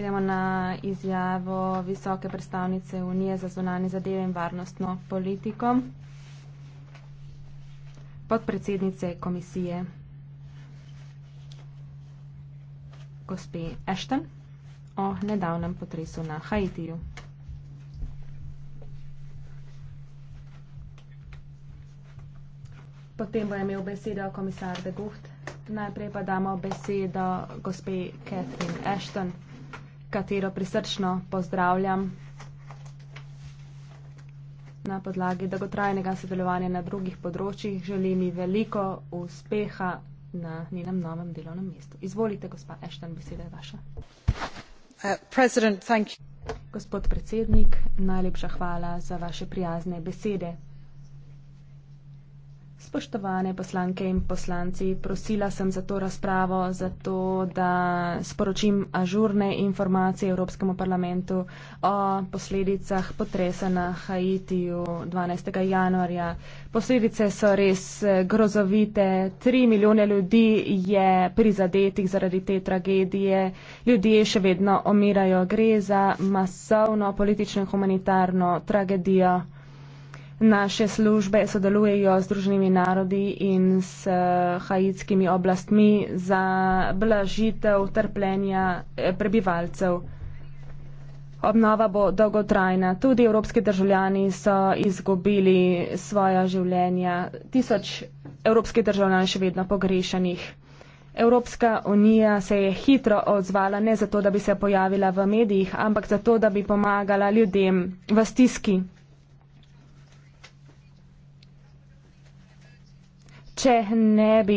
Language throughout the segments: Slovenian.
gremo na izjavo visoke predstavnice Unije za zunanje zadeve in varnostno politiko, podpredsednice komisije, gospe Ešten, o nedavnem potresu na Haitiju. Potem bo imel besedo komisar de Gucht. Najprej pa damo besedo gospe Catherine Ashton katero prisrčno pozdravljam na podlagi dolgotrajnega sodelovanja na drugih področjih. Želim ji veliko uspeha na njenem novem delovnem mestu. Izvolite, gospa Ešten, beseda je vaša. Uh, gospod predsednik, najlepša hvala za vaše prijazne besede. Spoštovane poslanke in poslanci, prosila sem za to razpravo, zato da sporočim ažurne informacije Evropskemu parlamentu o posledicah potresa na Haitiju 12. januarja. Posledice so res eh, grozovite. Tri milijone ljudi je prizadetih zaradi te tragedije. Ljudje še vedno omirajo. Gre za masovno politično in humanitarno tragedijo. Naše službe sodelujejo z Združenimi narodi in s eh, haitskimi oblastmi za blažitev trpljenja eh, prebivalcev. Obnova bo dolgotrajna. Tudi evropski državljani so izgubili svoja življenja. Tisoč evropskih državljanov je še vedno pogrešanih. Evropska unija se je hitro odzvala ne zato, da bi se pojavila v medijih, ampak zato, da bi pomagala ljudem v stiski. če ne bi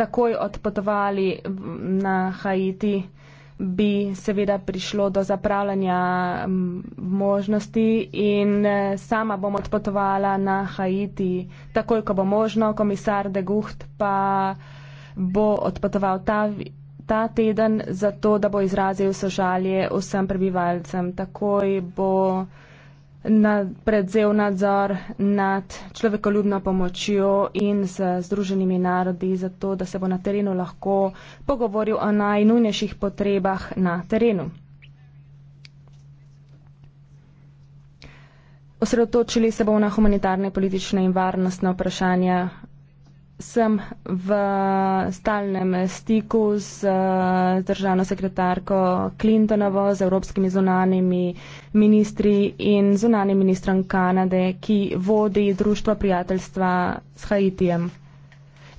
takoj odpotovali na Haiti, bi seveda prišlo do zapravljanja možnosti in eh, sama bom odpotovala na Haiti takoj, ko bo možno. Komisar de Gucht pa bo odpotoval ta, ta teden zato, da bo izrazil sožalje vsem prebivalcem. Takoj bo nad, predzel nadzor nad človekoljubno pomočjo in z Združenimi narodi za to, da se bo na terenu lahko pogovoril o najnujnejših potrebah na terenu. Osredotočili se bomo na humanitarne, politične in varnostne vprašanja. Sem v stalnem stiku z državno sekretarko Clintonovo, z evropskimi zunanimi uh, ministri in zunanim ministrom Kanade, ki vodi Društvo prijateljstva s Haitijem.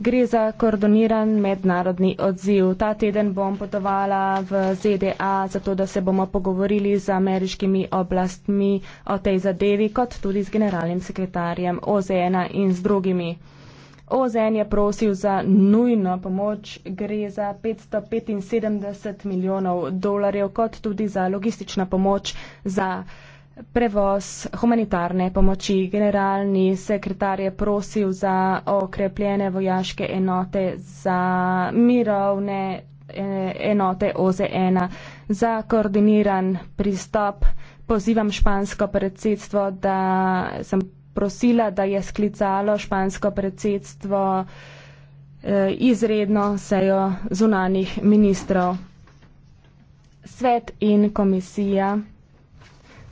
Gre za koordiniran mednarodni odziv. Ta teden bom potovala v ZDA, zato da se bomo pogovorili z ameriškimi oblastmi o tej zadevi, kot tudi z generalnim sekretarjem OZN in z drugimi. OZN je prosil za nujno pomoč, gre za 575 milijonov dolarjev, kot tudi za logistično pomoč za prevoz humanitarne pomoči. Generalni sekretar je prosil za okrepljene vojaške enote, za mirovne eh, enote OZN, za koordiniran pristop. Pozivam špansko predsedstvo, da sem prosila, da je sklicalo špansko predsedstvo eh, izredno sejo zunanih ministrov. Svet in komisija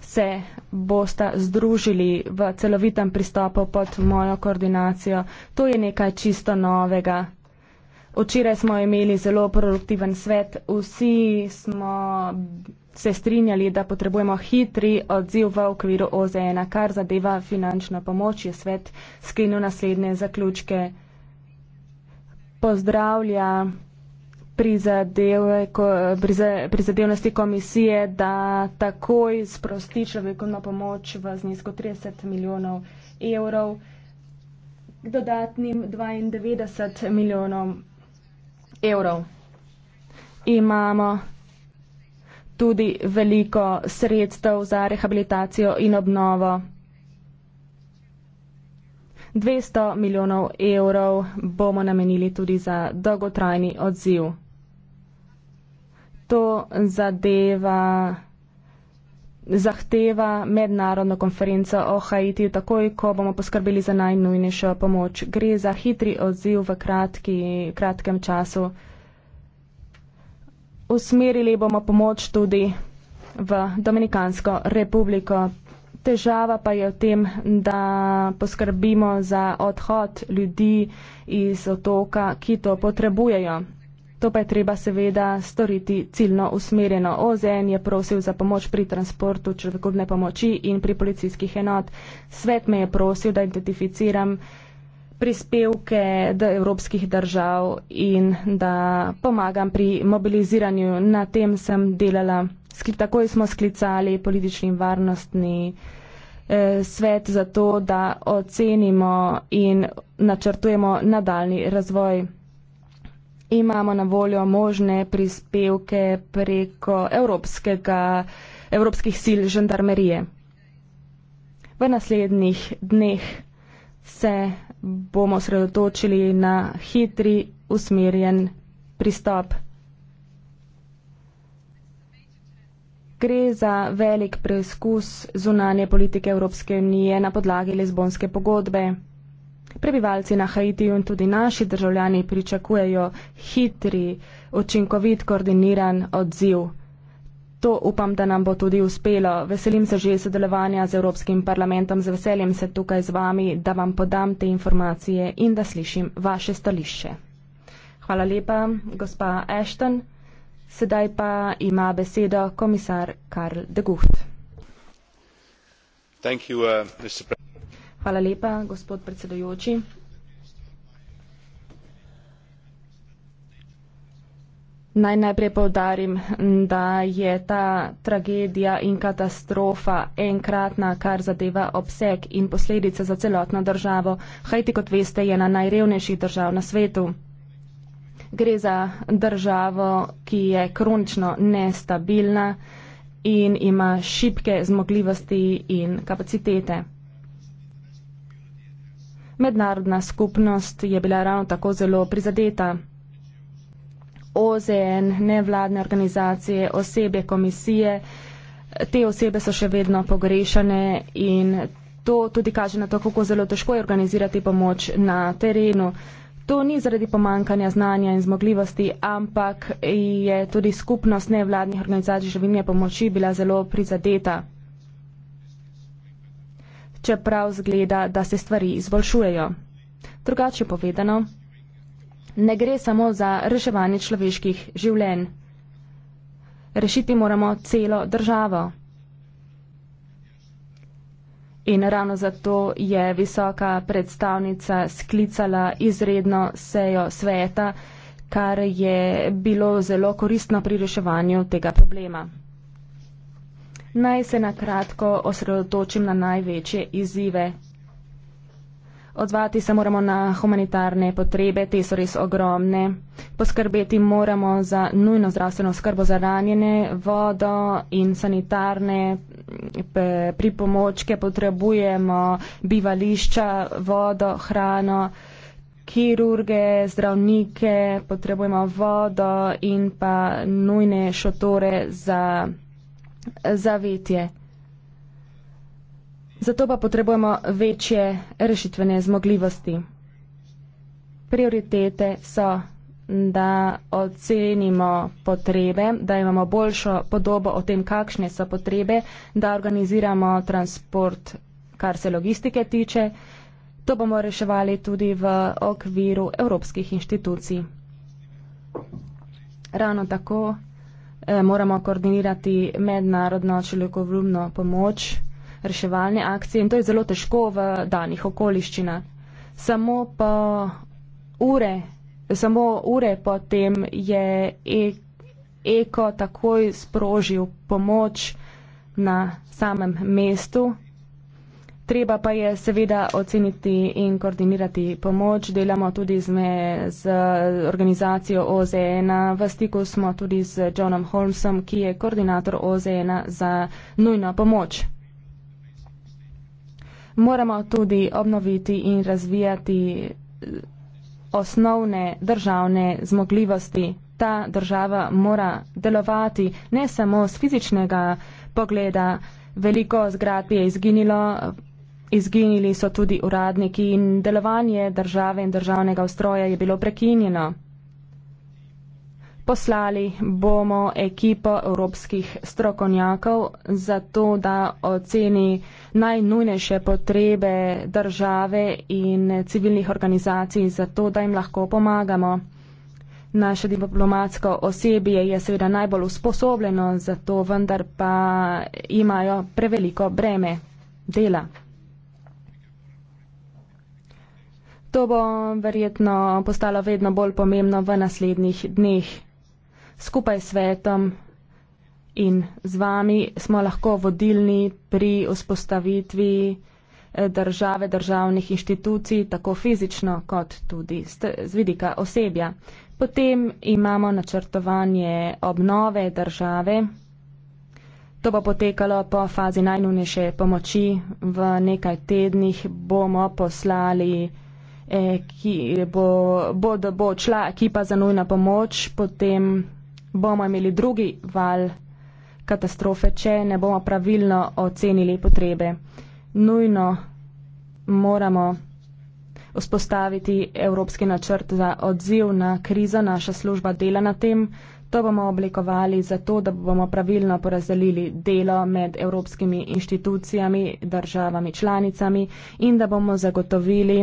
se bosta združili v celovitem pristopu pod mojo koordinacijo. To je nekaj čisto novega. Včeraj smo imeli zelo produktiven svet. Vsi smo se strinjali, da potrebujemo hitri odziv v okviru OZN, kar zadeva finančno pomoč, je svet sklenil naslednje zaključke. Pozdravlja prizadevnosti komisije, da takoj sprosti človekovno pomoč v znesku 30 milijonov evrov k dodatnim 92 milijonom evrov. Imamo tudi veliko sredstev za rehabilitacijo in obnovo. 200 milijonov evrov bomo namenili tudi za dolgotrajni odziv. To zadeva zahteva mednarodno konferenco o Haitiju takoj, ko bomo poskrbeli za najnujnejšo pomoč. Gre za hitri odziv v kratki, kratkem času usmerili bomo pomoč tudi v Dominikansko republiko. Težava pa je v tem, da poskrbimo za odhod ljudi iz otoka, ki to potrebujejo. To pa je treba seveda storiti ciljno usmerjeno. OZN je prosil za pomoč pri transportu človekovne pomoči in pri policijskih enot. Svet me je prosil, da identificiram prispevke evropskih držav in da pomagam pri mobiliziranju. Na tem sem delala. Takoj smo sklicali politični in varnostni eh, svet za to, da ocenimo in načrtujemo nadaljni razvoj. Imamo na voljo možne prispevke preko evropskih sil žandarmerije. V naslednjih dneh se bomo sredotočili na hitri, usmerjen pristop. Gre za velik preizkus zunanje politike Evropske unije na podlagi Lizbonske pogodbe. Prebivalci na Haitiju in tudi naši državljani pričakujejo hitri, učinkovit, koordiniran odziv. To upam, da nam bo tudi uspelo. Veselim se že sodelovanja z Evropskim parlamentom, z veseljem se tukaj z vami, da vam podam te informacije in da slišim vaše stališče. Hvala lepa, gospa Ashton. Sedaj pa ima besedo komisar Karl de Gucht. Uh, Hvala lepa, gospod predsedujoči. Naj najprej povdarim, da je ta tragedija in katastrofa enkratna, kar zadeva obseg in posledice za celotno državo. Hajti, kot veste, je ena najrevnejših držav na svetu. Gre za državo, ki je kronično nestabilna in ima šibke zmogljivosti in kapacitete. Mednarodna skupnost je bila ravno tako zelo prizadeta. OZN, nevladne organizacije, osebe komisije. Te osebe so še vedno pogrešane in to tudi kaže na to, kako zelo težko je organizirati pomoč na terenu. To ni zaradi pomankanja znanja in zmogljivosti, ampak je tudi skupnost nevladnih organizacij življenja pomoči bila zelo prizadeta. Čeprav zgleda, da se stvari izboljšujejo. Drugače povedano, ne gre samo za reševanje človeških življenj. Rešiti moramo celo državo. In ravno zato je visoka predstavnica sklicala izredno sejo sveta, kar je bilo zelo koristno pri reševanju tega problema. Naj se na kratko osredotočim na največje izzive Odzvati se moramo na humanitarne potrebe, te so res ogromne. Poskrbeti moramo za nujno zdravstveno skrbo za ranjene, vodo in sanitarne mm, pripomočke, potrebujemo bivališča, vodo, hrano, kirurge, zdravnike, potrebujemo vodo in pa nujne šotore za zavetje zato pa potrebujemo večje rešitvene zmogljivosti. Prioritete so, da ocenimo potrebe, da imamo boljšo podobo o tem, kakšne so potrebe, da organiziramo transport, kar se logistike tiče. To bomo reševali tudi v okviru evropskih inštitucij. Ravno tako eh, moramo koordinirati mednarodno človekovljubno pomoč reševalne akcije in to je zelo težko v danih okoliščinah. Samo po ure, samo ure potem je e, Eko takoj sprožil pomoč na samem mestu. Treba pa je seveda oceniti in koordinirati pomoč. Delamo tudi z, me, z organizacijo OZN. V stiku smo tudi z Johnom Holmesom, ki je koordinator OZN za nujno pomoč moramo tudi obnoviti in razvijati osnovne državne zmogljivosti. Ta država mora delovati ne samo z fizičnega pogleda. Veliko zgradb je izginilo, izginili so tudi uradniki in delovanje države in državnega ustroja je bilo prekinjeno poslali bomo ekipo evropskih strokovnjakov za to, da oceni najnujnejše potrebe države in civilnih organizacij, za to, da jim lahko pomagamo. Naše diplomatsko osebje je seveda najbolj usposobljeno za to, vendar pa imajo preveliko breme dela. To bo verjetno postalo vedno bolj pomembno v naslednjih dneh skupaj s svetom in z vami smo lahko vodilni pri vzpostavitvi eh, države, državnih inštitucij, tako fizično kot tudi z vidika osebja. Potem imamo načrtovanje obnove države. To bo potekalo po fazi najnujnejše pomoči. V nekaj tednih bomo poslali, eh, ki bo, bo, bo šla ekipa za nujna pomoč, potem bomo imeli drugi val katastrofe, če ne bomo pravilno ocenili potrebe. Nujno moramo vzpostaviti evropski načrt za odziv na krizo, naša služba dela na tem. To bomo oblikovali zato, da bomo pravilno porazdelili delo med evropskimi inštitucijami, državami, članicami in da bomo zagotovili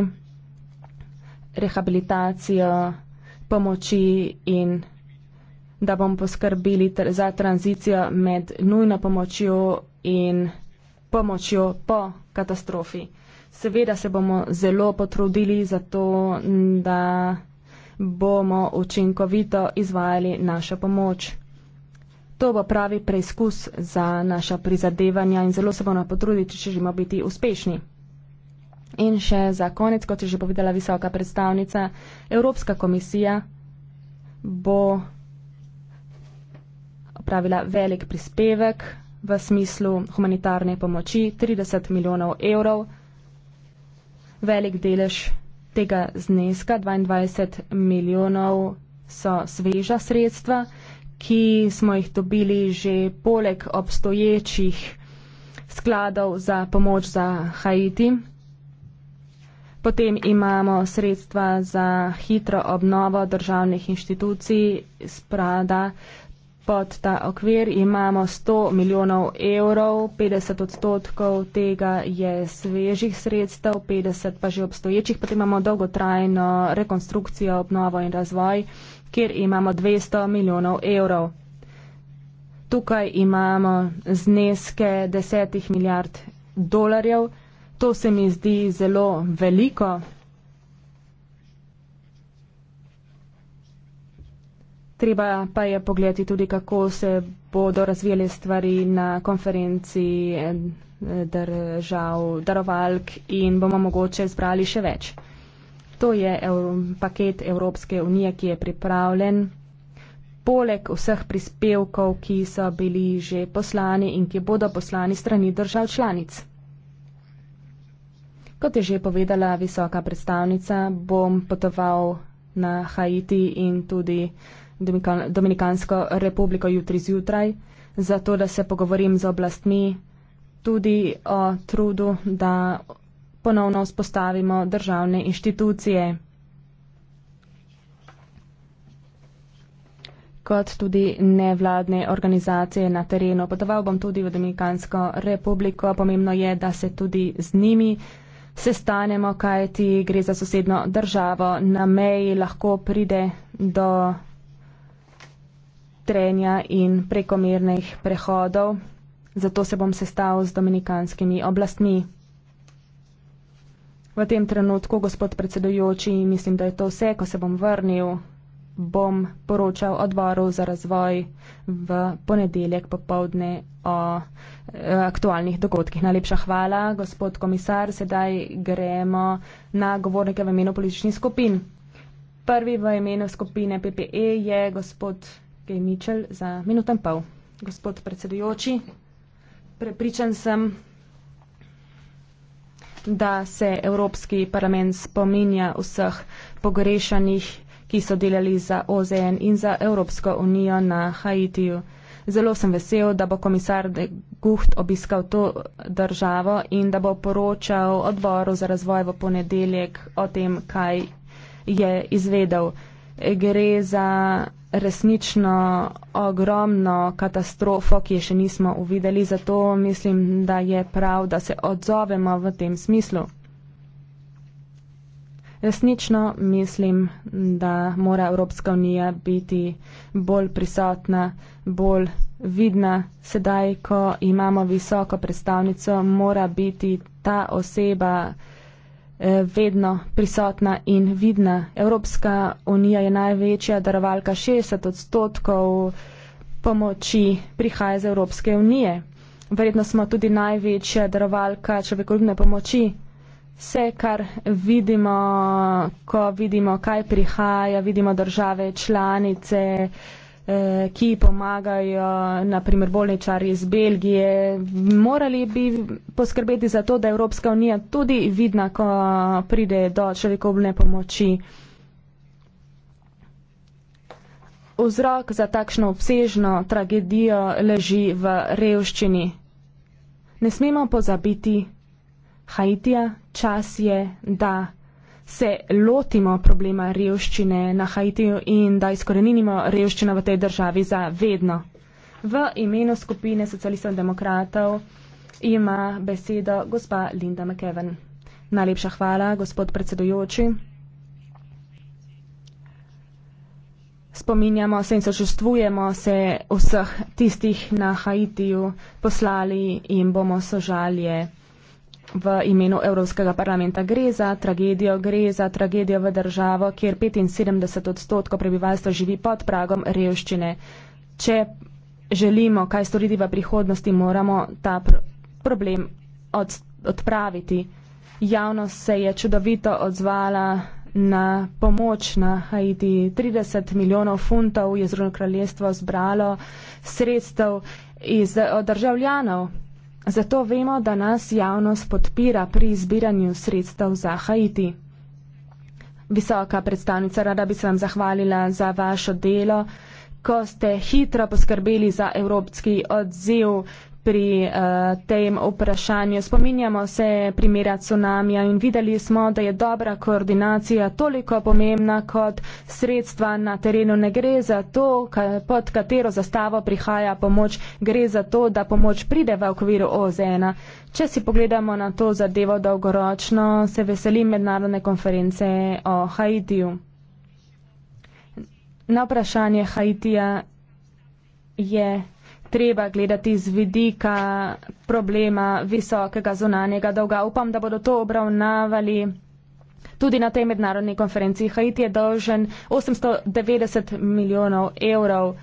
rehabilitacijo pomoči in da bomo poskrbeli tr za tranzicijo med nujno pomočjo in pomočjo po katastrofi. Seveda se bomo zelo potrudili za to, da bomo učinkovito izvajali našo pomoč. To bo pravi preizkus za naša prizadevanja in zelo se bomo potruditi, če želimo biti uspešni. In še za konec, kot je že povedala visoka predstavnica, Evropska komisija bo pripravila velik prispevek v smislu humanitarne pomoči, 30 milijonov evrov. Velik delež tega zneska, 22 milijonov, so sveža sredstva, ki smo jih dobili že poleg obstoječih skladov za pomoč za Haiti. Potem imamo sredstva za hitro obnovo državnih inštitucij, sprada pod ta okvir imamo 100 milijonov evrov, 50 odstotkov tega je svežih sredstev, 50 pa že obstoječih, potem imamo dolgotrajno rekonstrukcijo, obnovo in razvoj, kjer imamo 200 milijonov evrov. Tukaj imamo zneske 10 milijard dolarjev. To se mi zdi zelo veliko, Treba pa je pogledati tudi, kako se bodo razvijali stvari na konferenci eh, držav darovalk in bomo mogoče zbrali še več. To je paket Evropske unije, ki je pripravljen. Poleg vseh prispevkov, ki so bili že poslani in ki bodo poslani strani držav članic. Kot je že povedala visoka predstavnica, bom potoval na Haiti in tudi uh, Dominikansko republiko jutri zjutraj, zato da se pogovorim z oblastmi tudi o trudu, da ponovno vzpostavimo državne inštitucije. kot tudi nevladne organizacije na terenu. Potoval bom tudi v Dominikansko republiko. Pomembno je, da se tudi z njimi sestanemo, kajti gre za sosedno državo. Na meji lahko pride do hitrenja in prekomernih prehodov, zato se bom sestal z dominikanskimi oblastmi. V tem trenutku, gospod predsedujoči, mislim, da je to vse, ko se bom vrnil, bom poročal odboru za razvoj v ponedeljek popovdne o e, aktualnih dogodkih. Najlepša hvala, gospod komisar, sedaj gremo na govornike v imenu političnih skupin. Prvi v imenu skupine PPE je gospod gospe Mičel za minuto in pol. Gospod predsedujoči, prepričan sem, da se Evropski parlament spominja vseh pogrešanih, ki so delali za OZN in za Evropsko unijo na Haitiju. Zelo sem vesel, da bo komisar de Guht obiskal to državo in da bo poročal odboru za razvoj v ponedeljek o tem, kaj je izvedel. Gre za resnično ogromno katastrofo, ki je še nismo uvideli, zato mislim, da je prav, da se odzovemo v tem smislu. Resnično mislim, da mora Evropska unija biti bolj prisotna, bolj vidna. Sedaj, ko imamo visoko predstavnico, mora biti ta oseba, vedno prisotna in vidna. Evropska unija je največja darovalka 60 odstotkov pomoči prihaja iz Evropske unije. Verjetno smo tudi največja darovalka človekoljubne pomoči. Vse, kar vidimo, ko vidimo, kaj prihaja, vidimo države članice, eh, ki pomagajo, naprimer bolničar iz Belgije. Morali bi poskrbeti za to, da je Evropska unija tudi vidna, ko pride do človekovne pomoči. Vzrok za takšno obsežno tragedijo leži v revščini. Ne smemo pozabiti, Haitija, čas je, da se lotimo problema revščine na Haitiju in da izkoreninimo revščino v tej državi za vedno. V imenu skupine socialistov in demokratov ima besedo gospa Linda McKeven. Najlepša hvala, gospod predsedujoči. Spominjamo se in sočustvujemo se vseh tistih na Haitiju, poslali jim bomo sožalje v imenu Evropskega parlamenta. Gre za tragedijo, gre za tragedijo v državo, kjer 75 odstotkov prebivalstva živi pod pragom revščine. Če želimo kaj storiti v prihodnosti, moramo ta pr problem od odpraviti. Javnost se je čudovito odzvala na pomoč na Haiti. 30 milijonov funtov je Zruno kraljestvo zbralo sredstev iz eh, državljanov. Zato vemo, da nas javnost podpira pri izbiranju sredstev za Haiti. Visoka predstavnica, rada bi se vam zahvalila za vašo delo, ko ste hitro poskrbeli za evropski odziv pri uh, tem vprašanju. Spominjamo se primera tsunamija in videli smo, da je dobra koordinacija toliko pomembna kot sredstva na terenu. Ne gre za to, ka, pod katero zastavo prihaja pomoč, gre za to, da pomoč pride v okviru OZN. Če si pogledamo na to zadevo dolgoročno, se veselim mednarodne konference o Haitiju. Na vprašanje Haitija je treba gledati z vidika problema visokega zunanjega dolga. Upam, da bodo to obravnavali. Tudi na tej mednarodni konferenci Haiti je dolžen 890 milijonov evrov.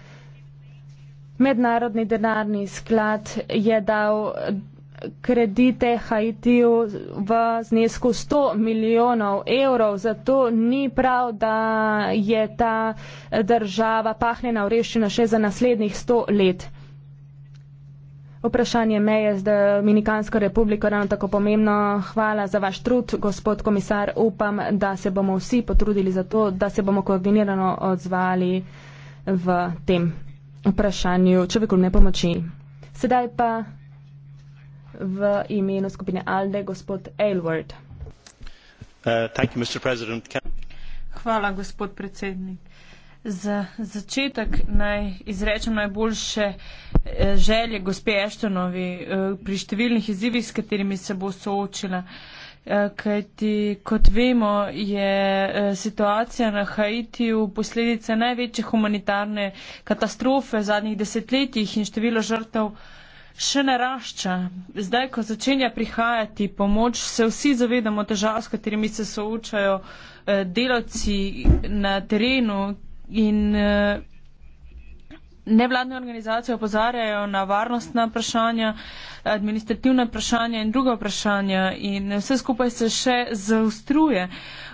Mednarodni denarni sklad je dal kredite Haitiju v znesku 100 milijonov evrov, zato ni prav, da je ta država pahnjena v reščino še za naslednjih 100 let vprašanje meje z Dominikansko republiko ravno tako pomembno. Hvala za vaš trud, gospod komisar. Upam, da se bomo vsi potrudili za to, da se bomo koordinirano odzvali v tem vprašanju človekovne pomoči. Sedaj pa v imenu skupine ALDE gospod Aylward. Uh, thank you, Mr. President. Hvala, gospod predsednik. Za začetek naj izrečem najboljše eh, želje gospe Eštonovi eh, pri številnih izzivih, s katerimi se bo soočila. Eh, kajti, kot vemo, je situacija na Haitiju posledica največje humanitarne katastrofe zadnjih desetletjih in število žrtev še narašča. Zdaj, ko začenja prihajati pomoč, se vsi zavedamo težav, s katerimi se soočajo delavci na terenu, In eh, nevladne organizacije opozarjajo na varnostna vprašanja, administrativna vprašanja in druga vprašanja in vse skupaj se še zaustruje.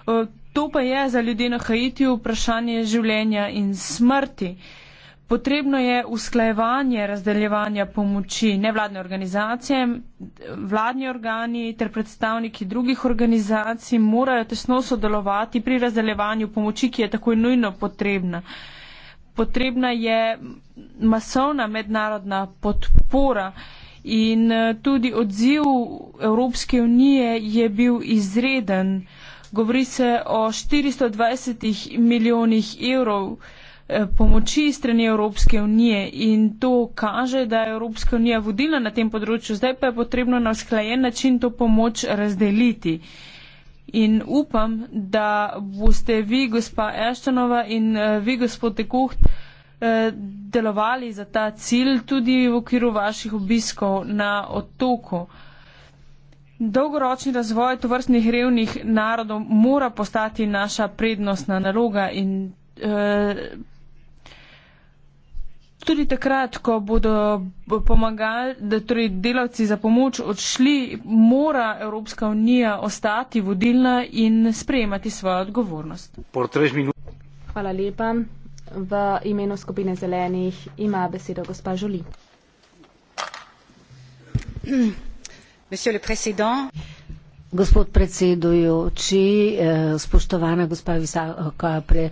Eh, to pa je za ljudi na Haitiju vprašanje življenja in smrti. Uh, Potrebno je usklajevanje razdeljevanja pomoči nevladne organizacije, vladni organi ter predstavniki drugih organizacij morajo tesno sodelovati pri razdeljevanju pomoči, ki je takoj nujno potrebna. Potrebna je masovna mednarodna podpora in eh, tudi odziv Evropske unije je bil izreden. Govori se o 420 milijonih evrov. Eh, pomoči strani Evropske unije in to kaže, da je Evropska unija vodila na tem področju, zdaj pa je potrebno na sklajen način to pomoč razdeliti. In upam, da boste vi, gospa Eštonova in eh, vi, gospod Dekoht, eh, delovali za ta cilj tudi v okviru vaših obiskov na otoku. Dolgoročni razvoj tovrstnih revnih narodov mora postati naša prednostna naloga in Tudi takrat, ko bodo pomagali, da torej delavci za pomoč odšli, mora Evropska unija ostati vodilna in sprejemati svojo odgovornost. Hvala lepa. V imenu skupine zelenih ima besedo gospa Žuli. Gospod predsedujoči, eh, spoštovana gospa visoka eh,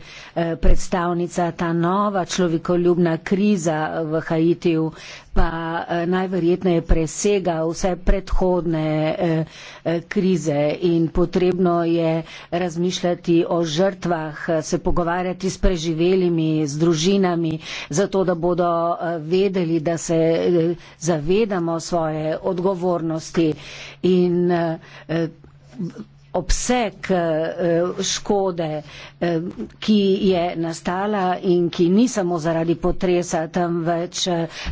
predstavnica, ta nova človekoljubna kriza v Haitiju, pa eh, najverjetneje presega vse predhodne eh, eh, krize in potrebno je razmišljati o žrtvah, se pogovarjati s preživelimi, z družinami, zato da bodo vedeli, da se zavedamo svoje odgovornosti in obseg eh, eh, škode, eh, ki je nastala in ki ni samo zaradi potresa, temveč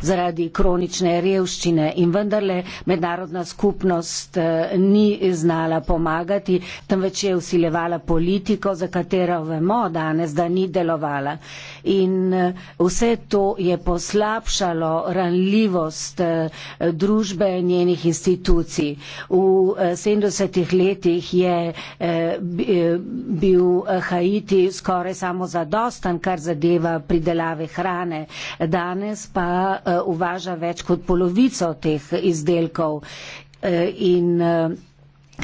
zaradi kronične revščine. In vendarle mednarodna skupnost ni znala pomagati, temveč je usilevala politiko, za katero vemo danes, da ni delovala. In vse to je poslabšalo ranljivost družbe in njenih institucij. V 70-ih letih je je eh, eh, bil eh, Haiti skoraj samo zadostan, kar zadeva pridelave hrane. Danes pa uvaža več kot polovico teh izdelkov. In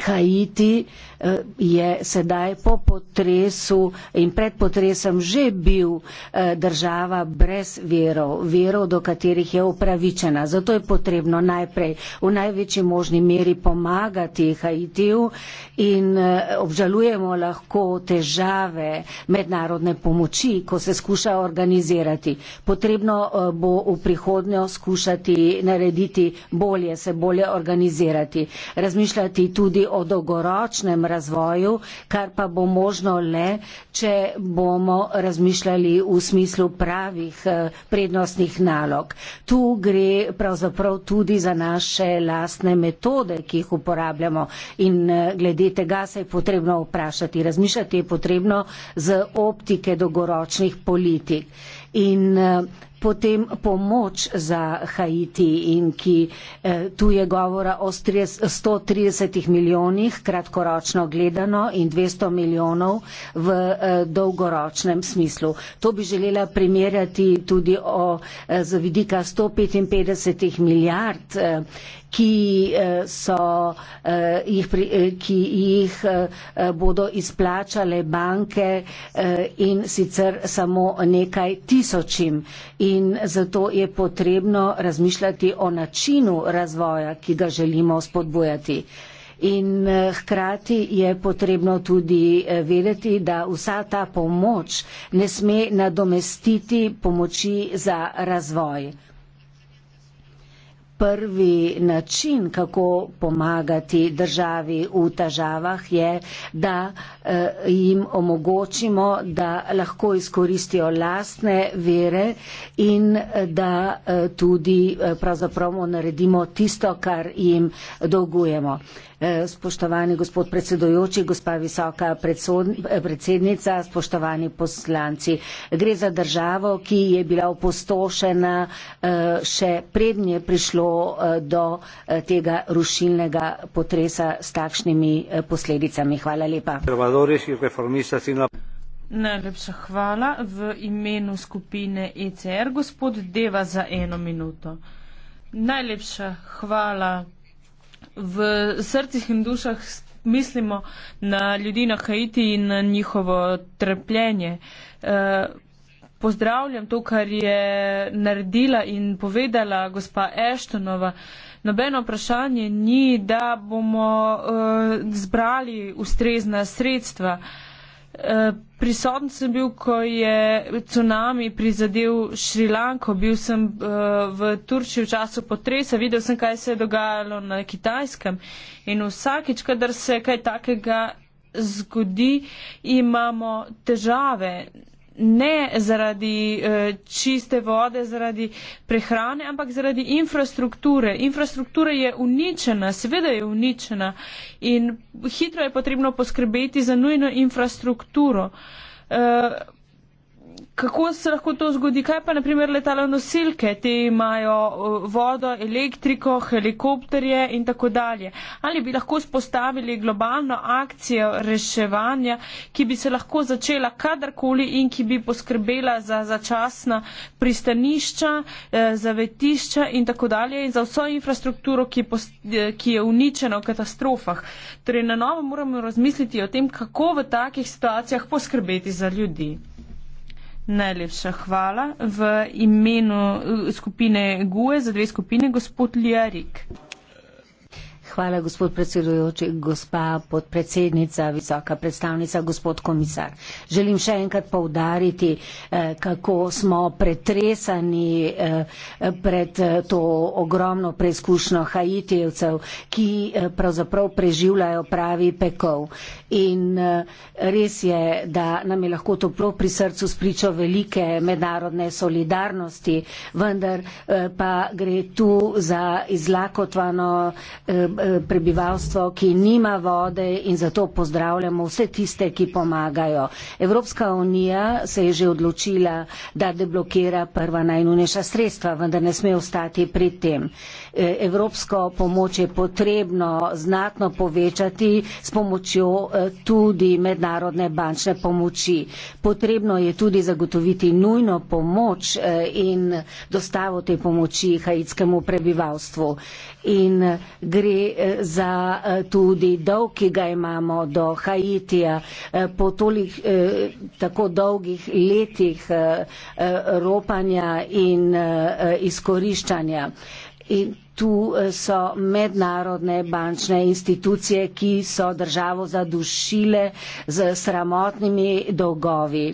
Haiti Eh, je sedaj po potresu in pred potresem že bil eh, država brez verov, verov, do katerih je upravičena. Zato je potrebno najprej v največji možni meri pomagati Haitiju in eh, obžalujemo lahko težave mednarodne pomoči, ko se skuša organizirati. Potrebno bo v prihodnjo skušati narediti bolje, se bolje organizirati, razmišljati tudi o dolgoročnem razvoju, kar pa bo možno le, če bomo razmišljali v smislu pravih eh, prednostnih nalog. Tu gre pravzaprav tudi za naše lastne metode, ki jih uporabljamo in eh, glede tega se je potrebno vprašati. Razmišljati je potrebno z optike dogoročnih politik. In eh, potem pomoč za Haiti in ki eh, tu je govora o 130 milijonih kratkoročno gledano in 200 milijonov v eh, dolgoročnem smislu. To bi želela primerjati tudi o, eh, z vidika 155 milijard, ki, so, jih, ki jih bodo izplačale banke in sicer samo nekaj tisočim. In in zato je potrebno razmišljati o načinu razvoja, ki ga želimo spodbujati. In eh, hkrati je potrebno tudi eh, vedeti, da vsa ta pomoč ne sme nadomestiti pomoči za razvoj prvi način, kako pomagati državi v težavah, je, da eh, jim omogočimo, da lahko izkoristijo lastne vere in eh, da eh, tudi pravzaprav naredimo tisto, kar jim dolgujemo. Eh, spoštovani gospod predsedujoči, gospa visoka predsednica, spoštovani poslanci. Gre za državo, ki je bila opustošena eh, še prednje prišlo eh, do tega rušilnega potresa s takšnimi posledicami. Hvala lepa. Najlepša hvala v imenu skupine ECR, gospod Deva, za eno minuto. Najlepša hvala v srcih in dušah mislimo na ljudi na Haiti in na njihovo trpljenje. Eh, pozdravljam to, kar je naredila in povedala gospa Eštonova. Nobeno vprašanje ni, da bomo eh, zbrali ustrezna sredstva. Eh, prisoten sem bil, ko je tsunami prizadel Šrilanko, bil sem eh, v Turčiji v času potresa, videl sem, kaj se je dogajalo na Kitajskem. In vsakič, kadar se kaj takega zgodi, imamo težave ne zaradi uh, čiste vode, zaradi prehrane, ampak zaradi infrastrukture. Infrastruktura je uničena, seveda je uničena in hitro je potrebno poskrbeti za nujno infrastrukturo. Uh, kako se lahko to zgodi? Kaj pa naprimer letalo nosilke? Te imajo uh, vodo, elektriko, helikopterje in tako dalje. Ali bi lahko spostavili globalno akcijo reševanja, ki bi se lahko začela kadarkoli in ki bi poskrbela za začasna pristanišča, eh, zavetišča in tako dalje in za vso infrastrukturo, eh, ki je uničena v katastrofah. Torej, na novo moramo razmisliti o tem, kako v takih situacijah poskrbeti za ljudi. Najlepša hvala. V imenu eh, skupine GUE za dve skupine, gospod Ljarik. Hvala, gospod predsedujoči, gospa podpredsednica, visoka predstavnica, gospod komisar. Želim še enkrat povdariti, eh, kako smo pretresani eh, pred eh, to ogromno preizkušnjo haitijevcev, ki pravzaprav preživljajo pravi pekov. In res je, da nam je lahko toplo pri srcu spričo velike mednarodne solidarnosti, vendar pa gre tu za izlakotvano Eh, prebivalstvo, ki nima vode in zato pozdravljamo vse tiste, ki pomagajo. Evropska unija se je že odločila, da deblokira prva najnujnejša sredstva, vendar ne sme ostati pri tem evropsko pomoč je potrebno znatno povečati s pomočjo eh, tudi mednarodne bančne pomoči. Potrebno je tudi zagotoviti nujno pomoč eh, in dostavo te pomoči haitskemu prebivalstvu. In eh, gre za tudi dolg, ki ga imamo do Haitija po tolik, tako dolgih letih ropanja in izkoriščanja. In tu eh, so mednarodne bančne institucije, ki so državo zadušile z sramotnimi dolgovi.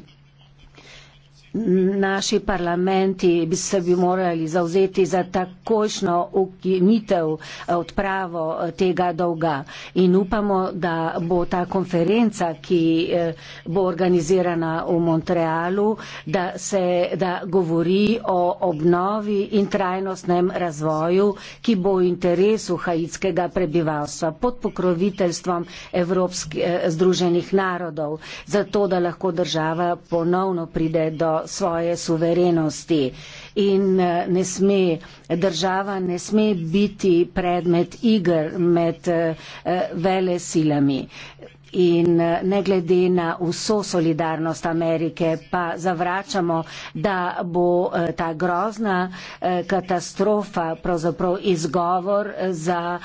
Naši parlamenti bi se bi morali zauzeti za takošno ukinitev eh, odpravo eh, tega dolga in upamo, da bo ta konferenca, ki eh, bo organizirana v Montrealu, da se da govori o obnovi in trajnostnem razvoju, ki bo v interesu haitskega prebivalstva pod pokroviteljstvom Evropskih združenih narodov, zato da lahko država ponovno pride do svoje suverenosti in eh, ne sme, država ne sme biti predmet igr med eh, eh, vele silami in eh, ne glede na vso solidarnost Amerike pa zavračamo, da bo eh, ta grozna eh, katastrofa pravzaprav izgovor za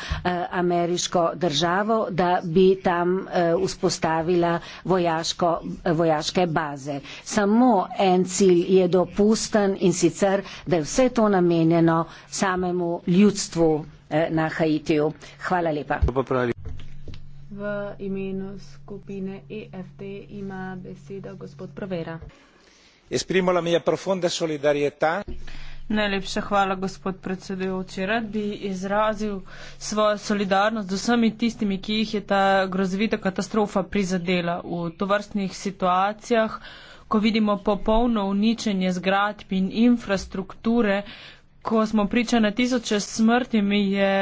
ameriško državo, da bi tam vzpostavila vojaško, vojaške baze. Samo en cilj je dopusten in sicer, da je vse to namenjeno samemu ljudstvu na Haitiju. Hvala lepa. V imenu skupine EFT ima besedo gospod Provera. Esprimo la mia profonda solidarietà. Najlepša hvala, gospod predsedujoči. Rad bi izrazil svojo solidarnost z vsemi tistimi, ki jih je ta grozovita katastrofa prizadela v tovrstnih situacijah, ko vidimo popolno uničenje zgradb in infrastrukture, ko smo priča na tisoče smrtimi, je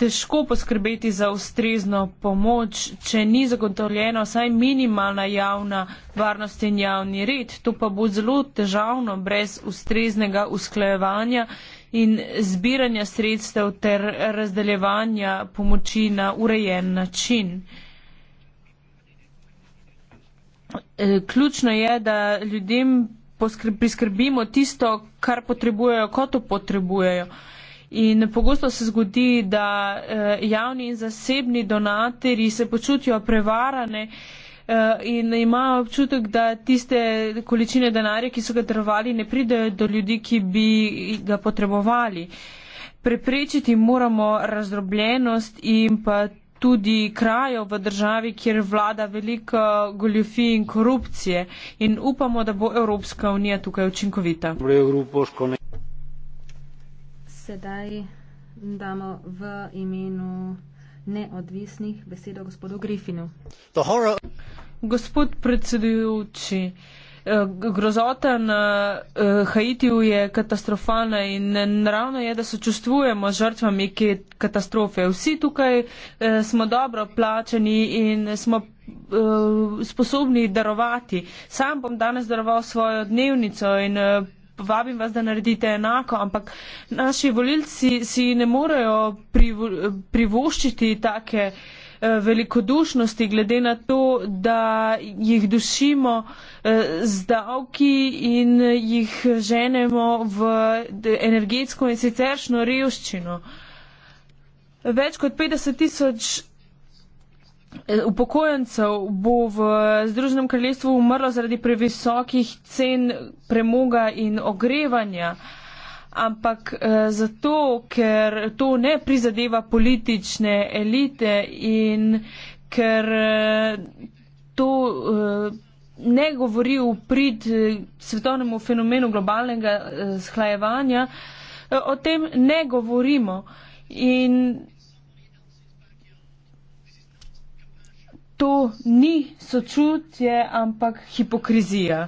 težko poskrbeti za ustrezno pomoč, če ni zagotovljena vsaj minimalna javna varnost in javni red. To pa bo zelo težavno brez ustreznega usklajevanja in zbiranja sredstev ter razdeljevanja pomoči na urejen način. E, ključno je, da ljudem priskrbimo tisto, kar potrebujejo, ko to potrebujejo. In pogosto se zgodi, da eh, javni in zasebni donatori se počutijo prevarane eh, in imajo občutek, da tiste količine denarja, ki so ga drvali, ne pridejo do ljudi, ki bi ga potrebovali. Preprečiti moramo razdrobljenost in pa tudi krajo v državi, kjer vlada veliko goljofi in korupcije in upamo, da bo Evropska unija tukaj učinkovita. Dobre, Evropo, sedaj damo v imenu neodvisnih besedo gospodu Grifinu. Gospod predsedujoči, eh, grozota na eh, Haitiju je katastrofalna in eh, naravno je, da se čustvujemo žrtvami katastrofe. Vsi tukaj smo dobro plačeni in smo sposobni darovati. Sam bom danes daroval svojo dnevnico in povabim vas, da naredite enako, ampak naši volilci si ne morejo privo, privoščiti take eh, velikodušnosti, glede na to, da jih dušimo eh, z davki in jih ženemo v energetsko in siceršno revščino. Več kot 50 tisoč 000... Eh, upokojencev bo v Združenem kraljestvu umrlo zaradi previsokih cen premoga in ogrevanja. Ampak eh, zato, ker to ne prizadeva politične elite in ker eh, to eh, ne govori v prid eh, svetovnemu fenomenu globalnega eh, sklajevanja, eh, o tem ne govorimo. In to ni sočutje, ampak hipokrizija.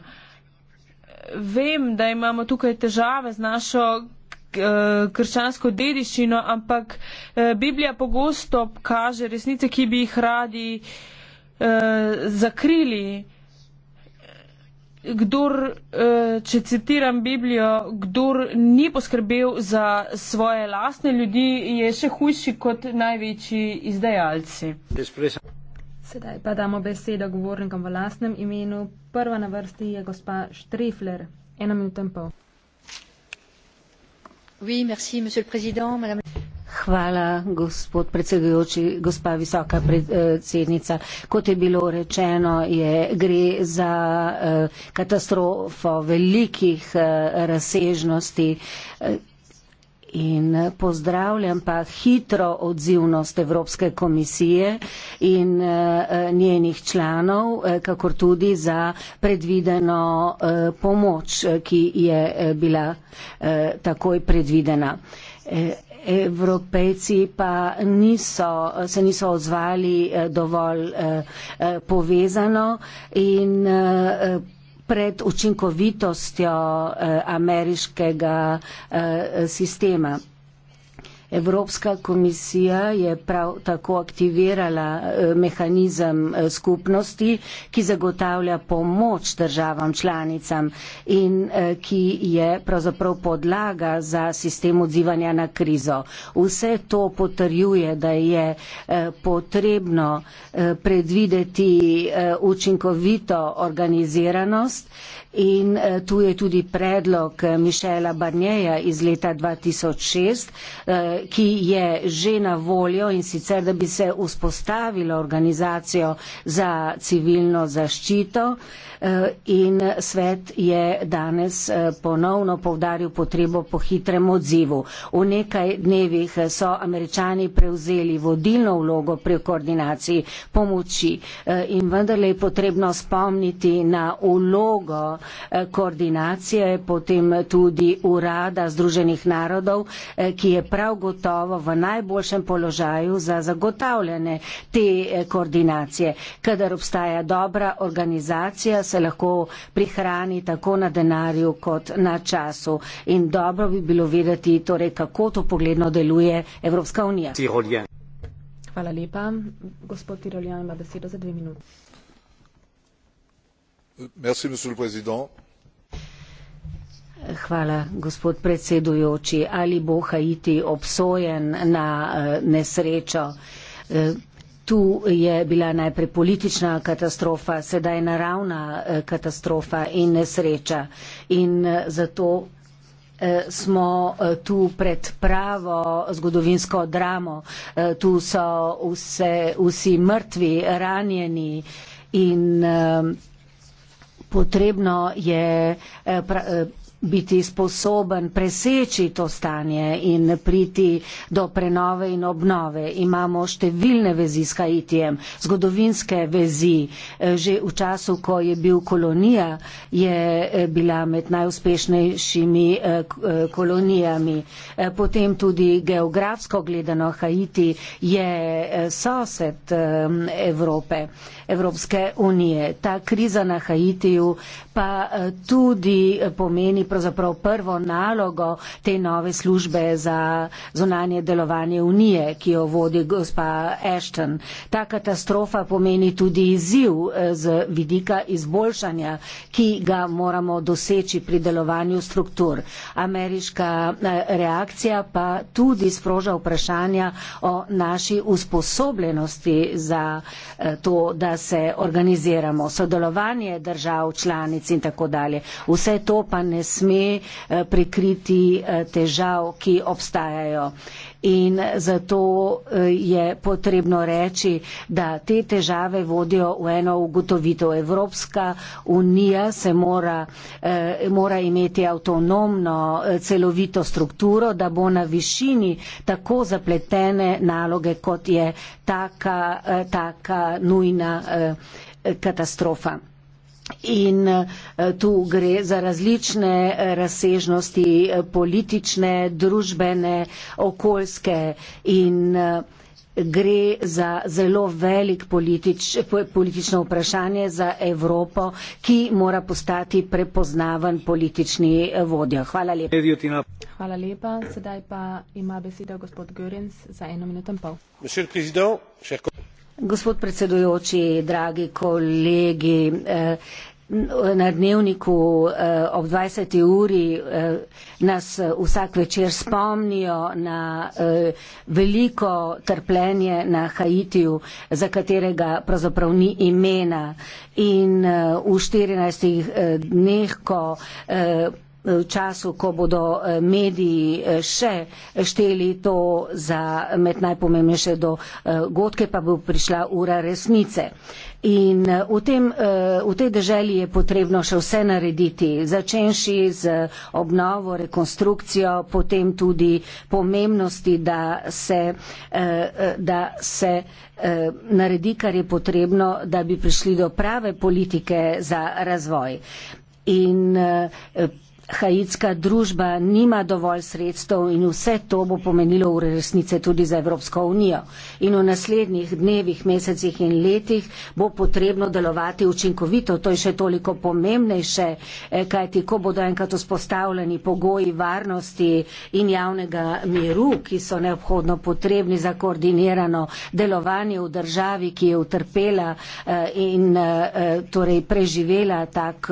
Vem, da imamo tukaj težave z našo eh, krščansko dediščino, ampak eh, Biblija pogosto kaže resnice, ki bi jih radi eh, zakrili. Kdor, če citiram Biblijo, kdor ni poskrbel za svoje lastne ljudi, je še hujši kot največji izdajalci. Despresa. Sedaj pa damo besedo govornikom v lastnem imenu. Prva na vrsti je gospa Štrifler. Eno minuto in pol. Oui, merci, Madame... Hvala, gospod predsedujoči, gospa visoka predsednica. Kot je bilo rečeno, je, gre za eh, katastrofo velikih eh, razsežnosti. Eh, in pozdravljam pa hitro odzivnost Evropske komisije in eh, njenih članov, eh, kakor tudi za predvideno eh, pomoč, ki je bila takoj predvidena. Evropejci pa niso, se niso odzvali dovolj povezano in pred učinkovitostjo eh, ameriškega eh, sistema. Evropska komisija je prav tako aktivirala eh, mehanizem eh, skupnosti, ki zagotavlja pomoč državam članicam in eh, ki je pravzaprav podlaga za sistem odzivanja na krizo. Vse to potrjuje, da je potrebno predvideti učinkovito organiziranost. In tu je tudi predlog Mišela Barnjeja iz leta 2006 ki je že na voljo in sicer, da bi se vzpostavilo organizacijo za civilno zaščito eh, in svet je danes eh, ponovno povdaril potrebo po hitrem odzivu. V nekaj dnevih so američani prevzeli vodilno vlogo pri koordinaciji pomoči eh, in vendarle je potrebno spomniti na vlogo koordinacije, potem tudi urada Združenih narodov, ki je prav gotovo zagotovo v najboljšem položaju za zagotavljanje te eh, koordinacije. Kadar obstaja dobra organizacija, se lahko prihrani tako na denarju kot na času. In dobro bi bilo vedeti, torej, kako to pogledno deluje Evropska unija. Hvala lepa. Gospod Tiroljan ima besedo za dve minuti. Merci, monsieur le Président. Hvala, gospod predsedujoči. Ali bo Haiti obsojen na eh, nesrečo? Eh, tu je bila najprej politična katastrofa, sedaj naravna eh, katastrofa in nesreča. In zato smo tu pred pravo zgodovinsko dramo. Tu so vse, vsi mrtvi, ranjeni in potrebno je. Pra, biti sposoben preseči to stanje in priti do prenove in obnove. Imamo številne vezi s Haitijem, zgodovinske vezi. E, že v času, ko je bil kolonija, je e, bila med najuspešnejšimi e, kolonijami. Potem tudi geografsko gledano Haiti je sosed Evrope, Evropske unije. Ta kriza na Haitiju pa tudi pomeni pravzaprav prvo nalogo te nove službe za zunanje delovanje unije, ki jo vodi gospa Ashton. Ta katastrofa pomeni tudi izziv eh, z vidika izboljšanja, ki ga moramo doseči pri delovanju struktur. Ameriška eh, reakcija pa tudi sproža vprašanja o naši usposobljenosti za eh, to, da se organiziramo, sodelovanje držav, članic in tako dalje. Vse to pa ne sme sme eh, prikriti eh, težav, ki obstajajo. In zato eh, je potrebno reči, da te težave vodijo v eno ugotovitev. Evropska unija se mora, mora imeti avtonomno celovito strukturo, da bo na višini tako zapletene naloge, kot je taka, taka nujna katastrofa. In eh, tu gre za različne eh, razsežnosti eh, politične, družbene, okoljske in gre za zelo velik politič, politično vprašanje za Evropo, ki mora postati prepoznaven politični vodja. Hvala lepa. Hvala lepa. Sedaj pa ima besedo gospod Görens za eno minuto in pol. Gospod predsedujoči, dragi kolegi, eh, na dnevniku eh, ob 20. uri eh, nas vsak večer spomnijo na veliko trpljenje na Haitiju, za katerega pravzaprav ni imena. In v 14 dneh, ko v času, ko bodo eh, mediji eh, še šteli to za med najpomembnejše dogodke, eh, pa bo prišla ura resnice. In v, tem, v tej državi je potrebno še vse narediti, začenši z obnovo, rekonstrukcijo, potem tudi pomembnosti, da se, da se naredi, kar je potrebno, da bi prišli do prave politike za razvoj. In haitska družba nima dovolj sredstev in vse to bo pomenilo v resnice tudi za Evropsko unijo. In v naslednjih dnevih, mesecih in letih bo potrebno delovati učinkovito. To je še toliko pomembnejše, eh, kajti ko bodo enkrat vzpostavljeni pogoji varnosti in javnega miru, ki so neobhodno potrebni za koordinirano delovanje v državi, ki je utrpela eh, in eh, torej preživela tak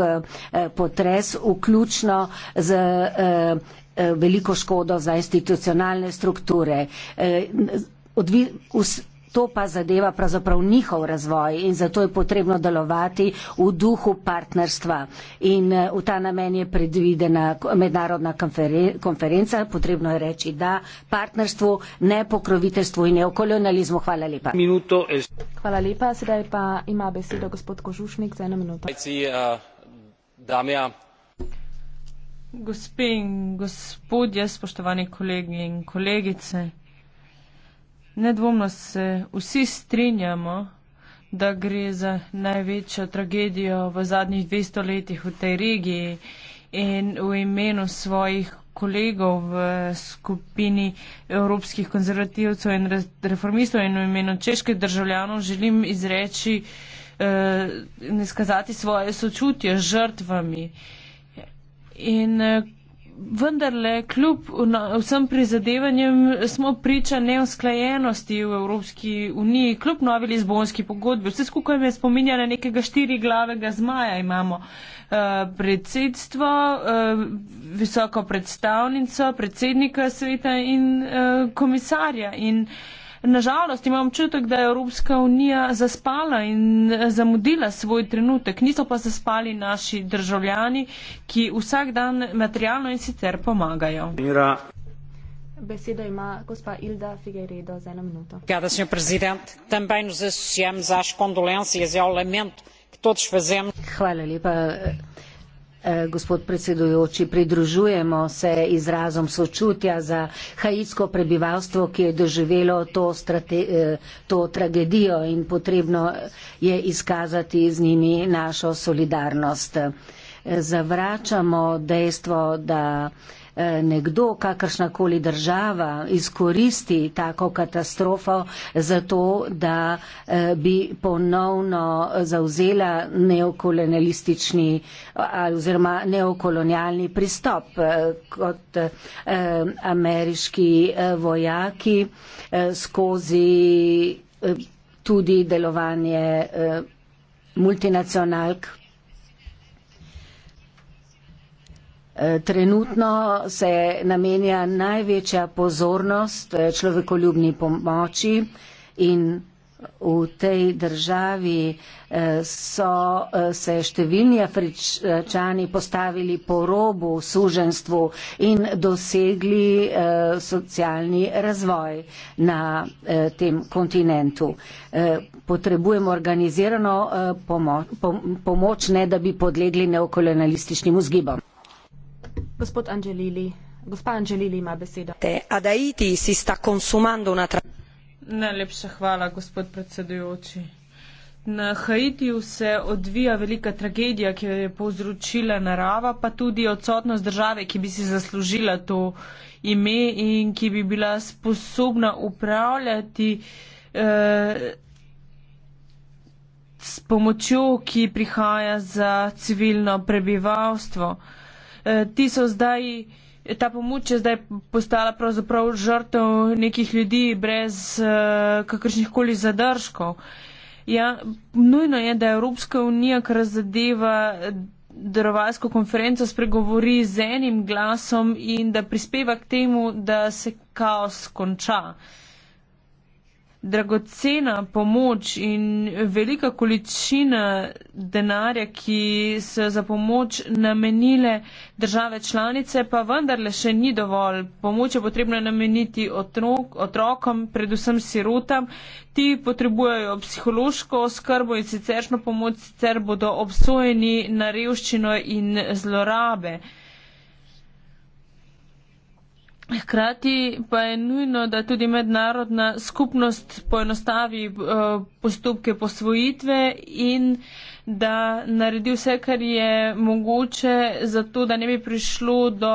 potres, vključno z eh, eh, veliko škodo za institucionalne strukture. Eh, to pa zadeva pravzaprav njihov razvoj in zato je potrebno delovati v duhu partnerstva. In v ta namen je predvidena mednarodna konferenca, potrebno je reči da, partnerstvu, ne pokroviteljstvu in neokolonializmu. Hvala lepa. Hvala lepa, sedaj pa ima besedo gospod Kožušnik za eno minuto. Damja, Gospe in gospodje, spoštovani kolegi in kolegice, nedvomno se vsi strinjamo, da gre za največjo tragedijo v zadnjih 200 letih v tej regiji in v imenu svojih kolegov v skupini evropskih konzervativcev in reformistov in v imenu čeških državljanov želim izreči eh, in eh, izkazati svoje sočutje žrtvami. Eh, In eh, vendarle, kljub vsem prizadevanjem, smo priča neusklajenosti v Evropski uniji, kljub novi Lizbonski pogodbi. Vse skupaj me spominja na nekega štiriglavega zmaja. Imamo eh, predsedstvo, eh, visoko predstavnico, predsednika sveta in komisarja. In Nažalost imam občutek, da je Evropska unija zaspala in eh, zamudila svoj trenutek. Niso pa zaspali naši državljani, ki vsak dan materialno in sicer pomagajo. Mira. Besedo ima gospa Ilda Figueiredo za eno minuto. Gada, senjor prezident, tam bej nos asociamos as condolencias e ao lamento que todos fazemos. Hvala lepa. Eh, gospod predsedujoči, pridružujemo se izrazom sočutja za haitsko prebivalstvo, ki je doživelo to, eh, to tragedijo in potrebno je izkazati z njimi našo solidarnost. Eh, zavračamo dejstvo, da Eh, nekdo, kakršnakoli država, izkoristi tako katastrofo za to, da eh, bi ponovno zauzela neokolonialistični eh, oziroma neokolonialni pristop kot ameriški vojaki skozi tudi delovanje multinacionalk Trenutno se namenja največja pozornost eh, človekoljubni pomoči in v tej državi eh, so eh, se številni afričani postavili po robu, suženstvu in dosegli socialni razvoj na tem kontinentu. Potrebujemo organizirano pomoč, ne da bi podlegli neokolonialističnim vzgibom. Gospod Angelili, gospa Angelili ima besedo. Te Adaiti si sta konsumando na tra. Najlepša hvala, gospod predsedujoči. Na Haitiju se odvija velika tragedija, ki jo je povzročila narava, pa tudi odsotnost države, ki bi si zaslužila to ime in ki bi bila sposobna upravljati eh, s pomočjo, ki prihaja za civilno prebivalstvo. Eh, Eh, ti so zdaj, ta pomoč je zdaj postala pravzaprav žrtev nekih ljudi brez eh, kakršnih koli zadržkov. Ja, nujno je, da Evropska unija, kar zadeva eh, darovalsko konferenco, spregovori z enim glasom in da prispeva k temu, da se kaos konča. Uh, dragocena pomoč in velika količina denarja, ki so za pomoč namenile države članice, pa vendarle še ni dovolj. Pomoč je potrebno nameniti otrok, otrokom, predvsem sirotam. Ti potrebujejo psihološko oskrbo in siceršno pomoč, sicer bodo obsojeni na revščino in zlorabe. Hkrati pa je nujno, da tudi mednarodna skupnost poenostavi uh, postopke posvojitve in da naredi vse, kar je mogoče, zato da ne bi prišlo do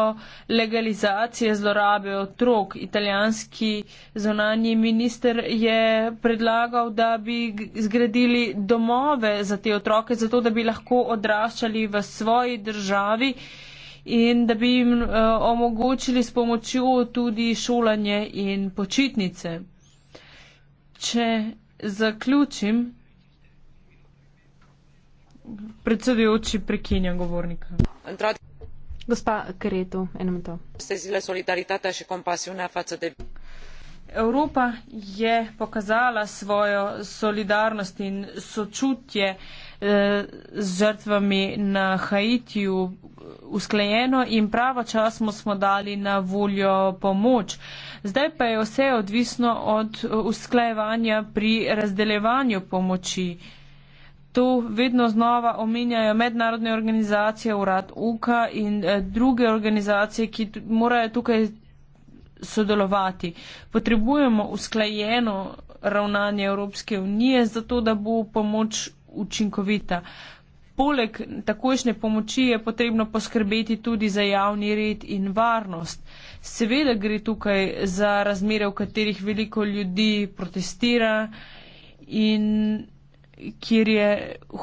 legalizacije zlorabe otrok. Italijanski zonanji minister je predlagal, da bi zgradili domove za te otroke, zato da bi lahko odraščali v svoji državi in da bi jim eh, omogočili s pomočjo tudi šolanje in počitnice. Če zaključim, predsedujoči prekinja govornika. Gospa Kretu, eno minuto. Evropa je pokazala svojo solidarnost in sočutje eh, z žrtvami na Haitiju usklajeno in pravo časmo smo dali na voljo pomoč. Zdaj pa je vse odvisno od eh, usklajevanja pri razdelevanju pomoči. To vedno znova omenjajo mednarodne organizacije, urad UKA in eh, druge organizacije, ki morajo tukaj sodelovati. Potrebujemo usklajeno ravnanje Evropske unije, zato da bo pomoč učinkovita. Poleg takojšnje pomoči je potrebno poskrbeti tudi za javni red in varnost. Seveda gre tukaj za razmere, v katerih veliko ljudi protestira in kjer je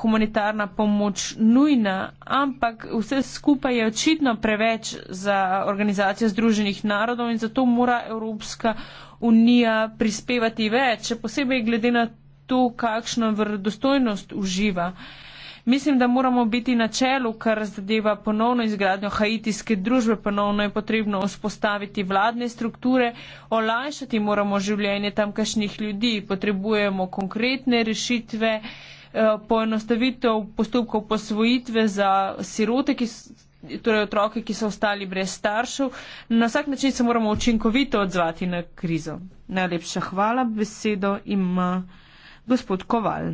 humanitarna pomoč nujna, ampak vse skupaj je očitno preveč za organizacijo Združenih narodov in zato mora Evropska unija prispevati več, še posebej glede na to, kakšno vrdostojnost uživa. Uh, Mislim, da moramo biti na čelu, kar zadeva ponovno izgradnjo haitijske družbe. Ponovno je potrebno vzpostaviti vladne strukture, olajšati moramo življenje tamkajšnjih ljudi. Potrebujemo konkretne rešitve, eh, poenostavitev postopkov posvojitve za sirote, ki torej otroke, ki so ostali brez staršev. Na vsak način se moramo učinkovito odzvati na krizo. Najlepša hvala, besedo ima gospod Koval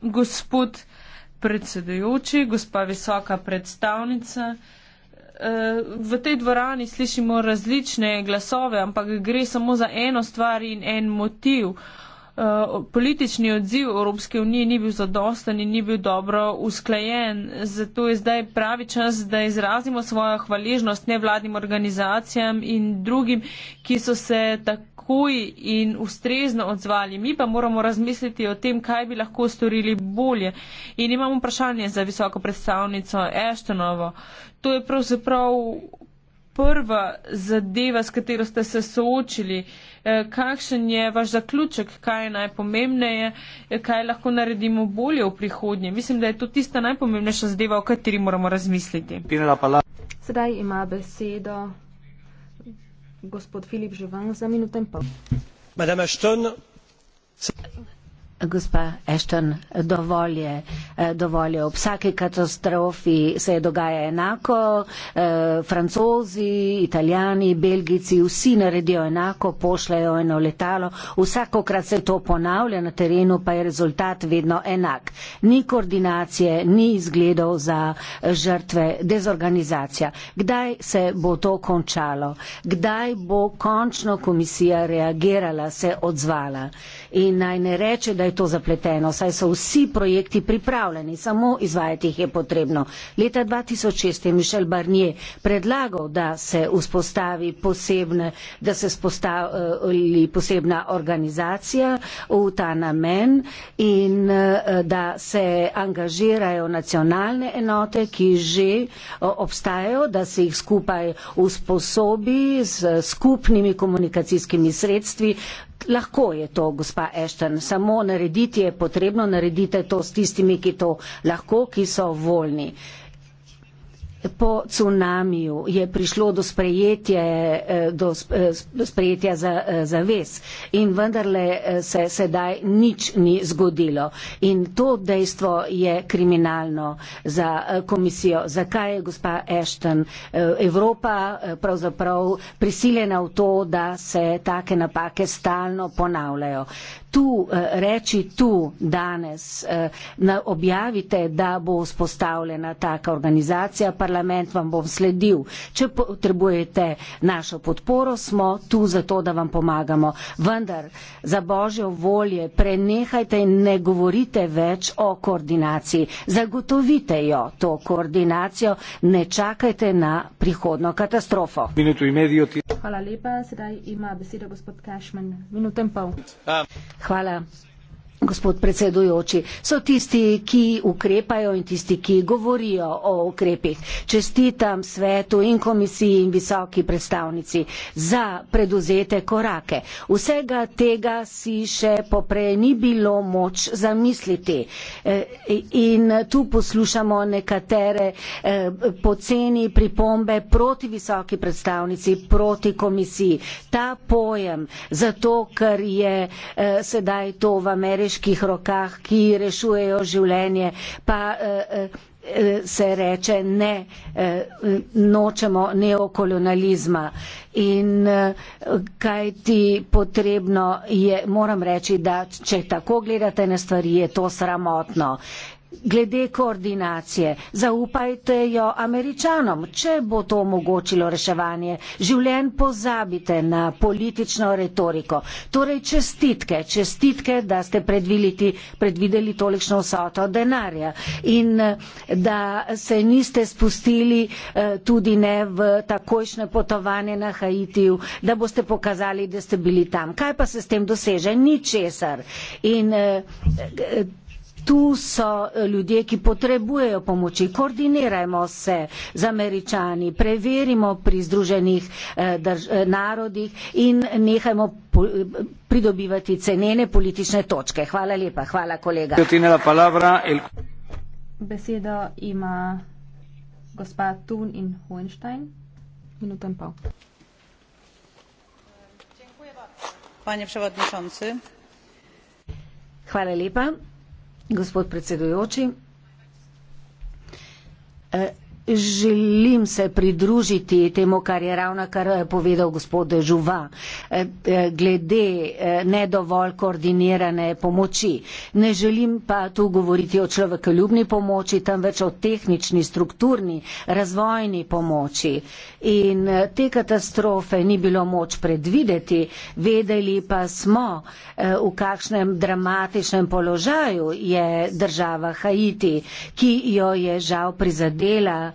gospod predsedujoči, gospa visoka predstavnica. Eh, v tej dvorani slišimo različne glasove, ampak gre samo za eno stvar in en motiv. Eh, politični odziv Evropske unije ni bil zadosten in ni bil dobro usklajen. Zato je zdaj pravi čas, da izrazimo svojo hvaležnost nevladnim organizacijam in drugim, ki so se takoj in ustrezno odzvali. Mi pa moramo razmisliti o tem, kaj bi lahko storili bolje. In imamo vprašanje za visoko predstavnico Eštonovo. To je pravzaprav prva zadeva, s katero ste se soočili. Eh, kakšen je vaš zaključek, kaj je najpomembnejše, eh, kaj lahko naredimo bolje v prihodnje. Mislim, da je to tista najpomembnejša zadeva, o kateri moramo razmisliti. Sedaj ima besedo gospod Filip Živan za minuto in pol. Gospa Ashton, dovolj je. Uh, Eh, dovolijo. Ob vsaki katastrofi se je dogaja enako. Eh, Francozi, italijani, belgici, vsi naredijo enako, pošljajo eno letalo. Vsakokrat se to ponavlja na terenu, pa je rezultat vedno enak. Ni koordinacije, ni izgledov za žrtve, dezorganizacija. Kdaj se bo to končalo? Kdaj bo končno komisija reagirala, se odzvala? In naj ne reče, da je to zapleteno, saj so vsi projekti pripravljeni pripravljeni, samo izvajati jih je potrebno. Leta 2006 je Mišel Barnier predlagal, da se vzpostavi posebne, da se spostavi eh, posebna organizacija v ta namen in eh, da se angažirajo nacionalne enote, ki že eh, obstajajo, da se jih skupaj usposobi s skupnimi komunikacijskimi sredstvi, Lahko je to, gospa Ešten, samo narediti je potrebno, naredite to s tistimi, ki to lahko, ki so voljni. Po tsunamiju je prišlo do sprejetja, eh, eh, do sprejetja eh, zavez in vendarle se sedaj nič ni zgodilo. In to dejstvo je kriminalno za komisijo. Zakaj je gospa Ashton Evropa pravzaprav prisiljena v to, da se take napake stalno ponavljajo? Tu reči tu danes, objavite, da bo vzpostavljena taka organizacija parlament vam bom sledil. Če potrebujete našo podporo, smo tu zato, da vam pomagamo. Vendar, za božjo volje, prenehajte in ne govorite več o koordinaciji. Zagotovite jo, to koordinacijo, ne čakajte na prihodno katastrofo. Hvala lepa, sedaj ima besedo gospod Kašman. Minuto in pol. Hvala gospod predsedujoči, so tisti, ki ukrepajo in tisti, ki govorijo o ukrepih. Čestitam svetu in komisiji in visoki predstavnici za preduzete korake. Vsega tega si še poprej ni bilo moč zamisliti. E, in tu poslušamo nekatere e, poceni pripombe proti visoki predstavnici, proti komisiji. Ta pojem, zato ker je e, sedaj to v Ameriki, človeških rokah, ki rešujejo življenje, pa eh, eh, se reče ne, eh, nočemo neokolonializma. In kaj ti potrebno je, moram reči, da če tako gledate na stvari, je to sramotno. Glede koordinacije, zaupajte jo američanom, če bo to omogočilo reševanje. Življen pozabite na politično retoriko. Torej čestitke, čestitke, da ste predvideli, predvideli tolikšno vsoto denarja in da se niste spustili eh, tudi ne v takojšnje potovanje na Haitiju, da boste pokazali, da ste bili tam. Kaj pa se s tem doseže? Ničesar. In, eh, tu so eh, ljudje, ki potrebujejo pomoči. Koordinirajmo se z američani, preverimo pri združenih eh, drž, eh, narodih in nehajmo po, pridobivati cenene politične točke. Hvala lepa, hvala kolega. Besedo ima gospa Thun in Hohenstein. Minuta in pol. Panie przewodniczący. Chwalę lipa. Gospod predsedujoči, eh, Želim se pridružiti temu, kar je ravno kar eh, povedal gospod Žuva, eh, eh, glede nedovolj koordinirane pomoči. Ne želim pa tu govoriti o človekoljubni pomoči, temveč o tehnični, strukturni, razvojni pomoči. In te katastrofe ni bilo moč predvideti, vedeli pa smo, v kakšnem dramatičnem položaju je država Haiti, ki jo je žal prizadela,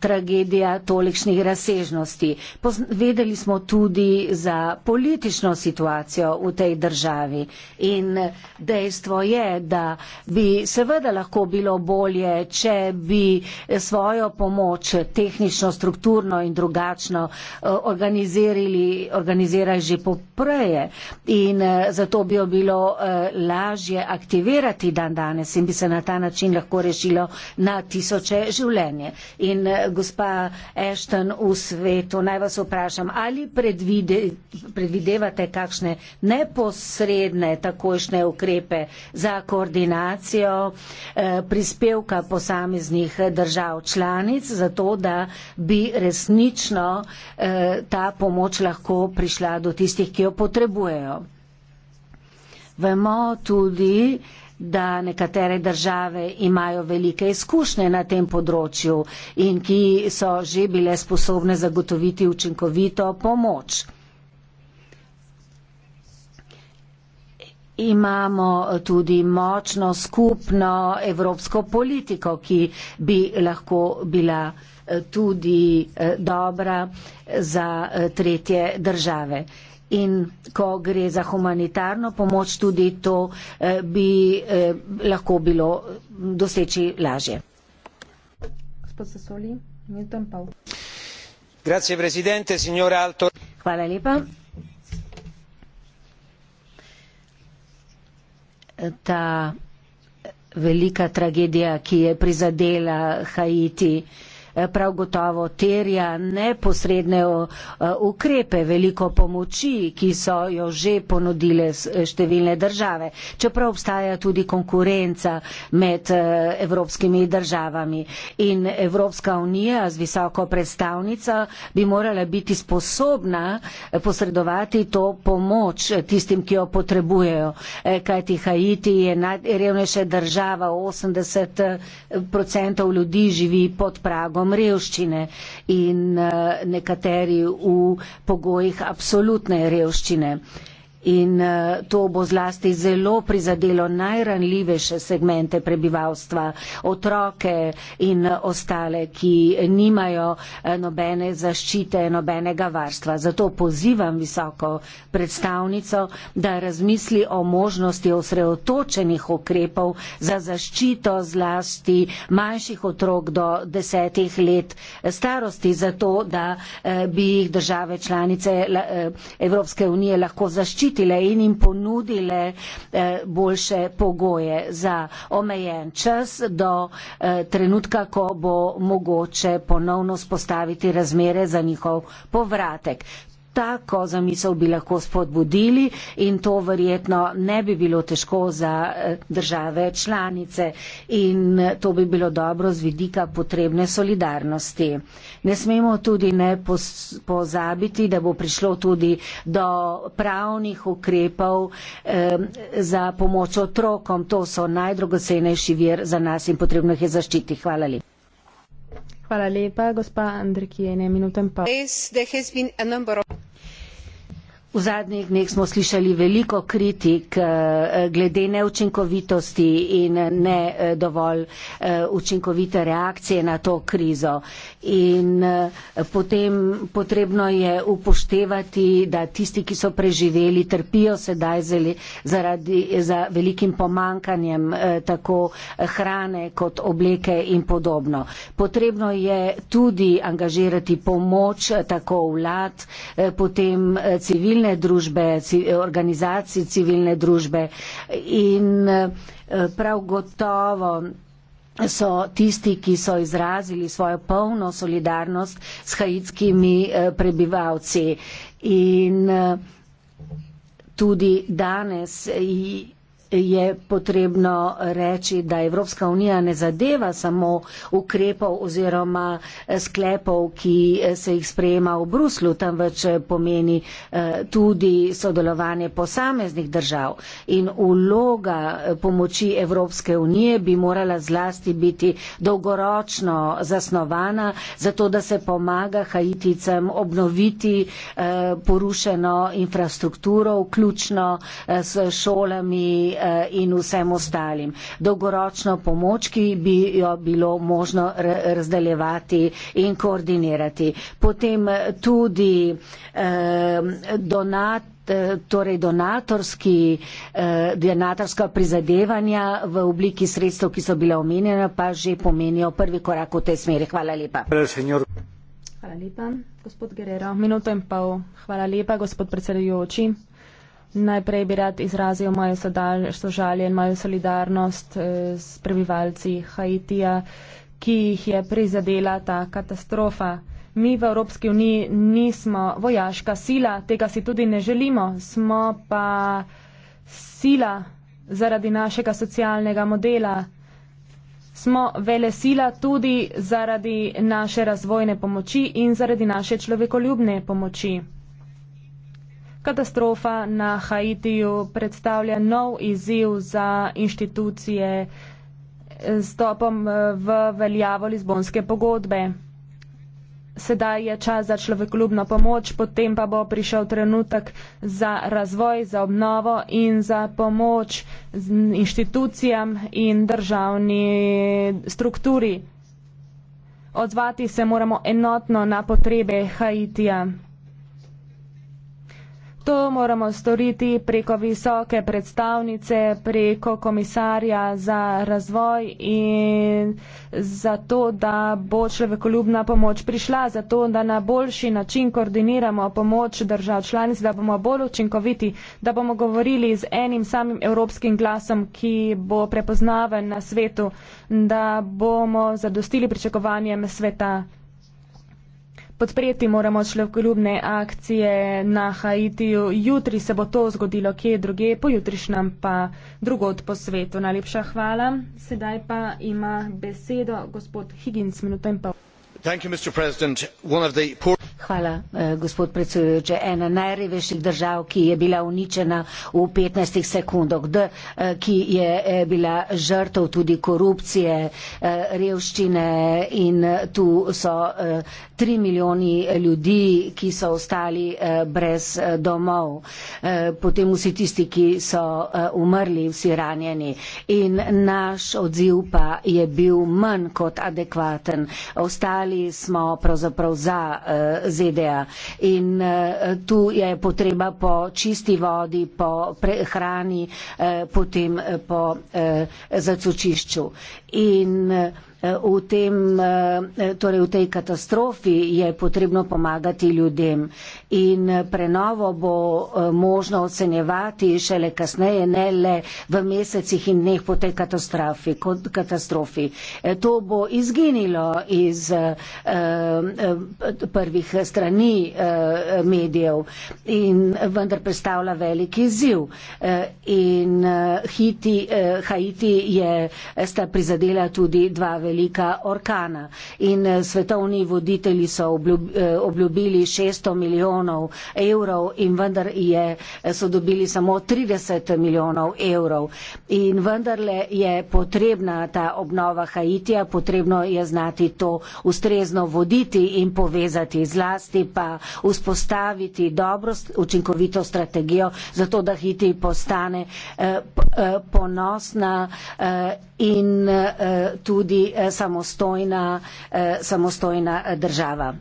tragedija tolikšnih razsežnosti. Vedeli smo tudi za politično situacijo v tej državi in dejstvo je, da bi seveda lahko bilo bolje, če bi svojo pomoč tehnično, strukturno in drugačno eh, organizirali, organizirali že popreje in eh, zato bi jo bilo eh, lažje aktivirati dan danes in bi se na ta način lahko rešilo na tisoče življenje. In gospa Ešten v svetu. Naj vas vprašam, ali predvide, predvidevate kakšne neposredne takošne ukrepe za koordinacijo eh, prispevka posameznih držav članic, zato da bi resnično eh, ta pomoč lahko prišla do tistih, ki jo potrebujejo. Vemo tudi, da nekatere države imajo velike izkušnje na tem področju in ki so že bile sposobne zagotoviti učinkovito pomoč. Imamo tudi močno skupno evropsko politiko, ki bi lahko bila eh, tudi eh, dobra za eh, tretje države in ko gre za humanitarno pomoč, tudi to eh, bi eh, lahko bilo doseči lažje. Hvala lepa. Ta velika tragedija, ki je prizadela Haiti, prav gotovo terja neposredne e, ukrepe, veliko pomoči, ki so jo že ponudile e, številne države, čeprav obstaja tudi konkurenca med e, evropskimi državami. In Evropska unija z visoko predstavnico bi morala biti sposobna posredovati to pomoč tistim, ki jo potrebujejo. Kajti Haiti je najrevnejša država, 80% ljudi živi pod pragom pojavom revščine in eh, nekateri v pogojih absolutne revščine in uh, to bo zlasti zelo prizadelo najranljivejše segmente prebivalstva, otroke in eh, ostale, ki nimajo eh, nobene zaščite, nobenega varstva. Zato pozivam visoko predstavnico, da razmisli o možnosti osredotočenih ukrepov za zaščito zlasti manjših otrok do desetih let starosti, zato da uh, bi jih države članice uh, Evropske unije lahko zaščitili zaščitile in jim ponudile eh, boljše pogoje za omejen čas do eh, trenutka, ko bo mogoče ponovno spostaviti razmere za njihov povratek tako zamisel bi lahko spodbudili in to verjetno ne bi bilo težko za eh, države članice in eh, to bi bilo dobro z vidika potrebne solidarnosti. Ne smemo tudi ne pozabiti, da bo prišlo tudi do pravnih ukrepov eh, za pomoč otrokom. To so najdrogocenejši vir za nas in potrebno jih je zaščiti. Hvala lepa. Hvala lepa, gospa Andrikije, ene minute in pol. V zadnjih dneh smo slišali veliko kritik eh, glede neučinkovitosti in eh, ne eh, dovolj učinkovite reakcije na to krizo. In potem potrebno je upoštevati, da tisti, ki so preživeli, trpijo sedaj zaradi, za velikim pomankanjem tako hrane kot obleke in podobno. Potrebno je tudi angažirati pomoč tako vlad, potem civilne civilne družbe, organizacij civilne družbe in eh, prav gotovo so tisti, ki so izrazili svojo polno solidarnost s haitskimi eh, prebivalci. In eh, tudi danes je potrebno reči, da Evropska unija ne zadeva samo ukrepov oziroma eh, sklepov, ki eh, se jih sprejema v Bruslu, temveč eh, pomeni tudi sodelovanje posameznih držav. In uloga pomoči Evropske unije bi morala zlasti biti dolgoročno zasnovana, zato da se pomaga Haiticem obnoviti porušeno infrastrukturo, vključno s šolami, Eh, in vsem ostalim. Dolgoročno pomoč, ki bi jo bilo možno razdaljevati in koordinirati. Potem eh, tudi eh, donat torej donatorski, donatorska prizadevanja v obliki sredstev, ki so bila omenjena, pa že pomenijo prvi korak v tej smeri. Hvala lepa. Hvala lepa, gospod Gerero. Minuto in pol. Hvala lepa, gospod predsedujoči. Najprej bi rad izrazil mojo sožalje in mojo solidarnost eh, s prebivalci Haitija, ki jih je prizadela ta katastrofa. Mi v Evropski uniji nismo vojaška sila, tega si tudi ne želimo, smo pa sila zaradi našega socialnega modela. Smo vele sila tudi zaradi naše razvojne pomoči in zaradi naše človekoljubne pomoči. Katastrofa na Haitiju predstavlja nov izziv za inštitucije stopom eh, v veljavo Lizbonske pogodbe. Sedaj je čas za človekoljubno pomoč, potem pa bo prišel trenutek za razvoj, za obnovo in za pomoč inštitucijam in državni strukturi. Odzvati se moramo enotno na potrebe Haitija. To moramo storiti preko visoke predstavnice, preko komisarja za razvoj in zato, da bo človekoljubna pomoč prišla, zato, da na boljši način koordiniramo pomoč držav članic, da bomo bolj učinkoviti, da bomo govorili z enim samim evropskim glasom, ki bo prepoznaven na svetu, da bomo zadostili pričakovanjem sveta podpreti moramo človekoljubne akcije na Haitiju. Jutri se bo to zgodilo kje druge, pojutrišnjem pa drugod po svetu. Najlepša hvala. Sedaj pa ima besedo gospod Higgins, minuto in pol. Hvala, eh, gospod predsedujoč. Ena najrevejših držav, ki je bila uničena v 15 sekundah, eh, ki je eh, bila žrtov tudi korupcije, revščine in tu so 3 milijoni ljudi, ki so ostali brez domov. Potem vsi tisti, ki so umrli, vsi ranjeni. In naš odziv pa je bil manj kot adekvaten. Ostali smo pravzaprav za ZDA. In eh, tu je potreba po čisti vodi, po prehrani, eh, potem eh, po zacučišču. In v, tem, eh, torej v tej katastrofi je potrebno pomagati ljudem in eh, prenovo bo eh, možno ocenjevati šele kasneje, ne le v mesecih in dneh po tej katastrofi. katastrofi. To bo izginilo iz prvih strani medijev in vendar predstavlja veliki ziv. In Haiti je sta prizadela tudi dva velika orkana. In eh, svetovni voditelji so eh, obljubili 600 milijonov evrov in vendar je, eh, so dobili samo 30 milijonov evrov. In vendarle je potrebna ta obnova Haitija, potrebno je znati to ustrezno voditi in povezati zlasti pa vzpostaviti dobro učinkovito strategijo, zato da Haiti postane ponosna in eh, tudi eh, samostojna, eh, samostojna država.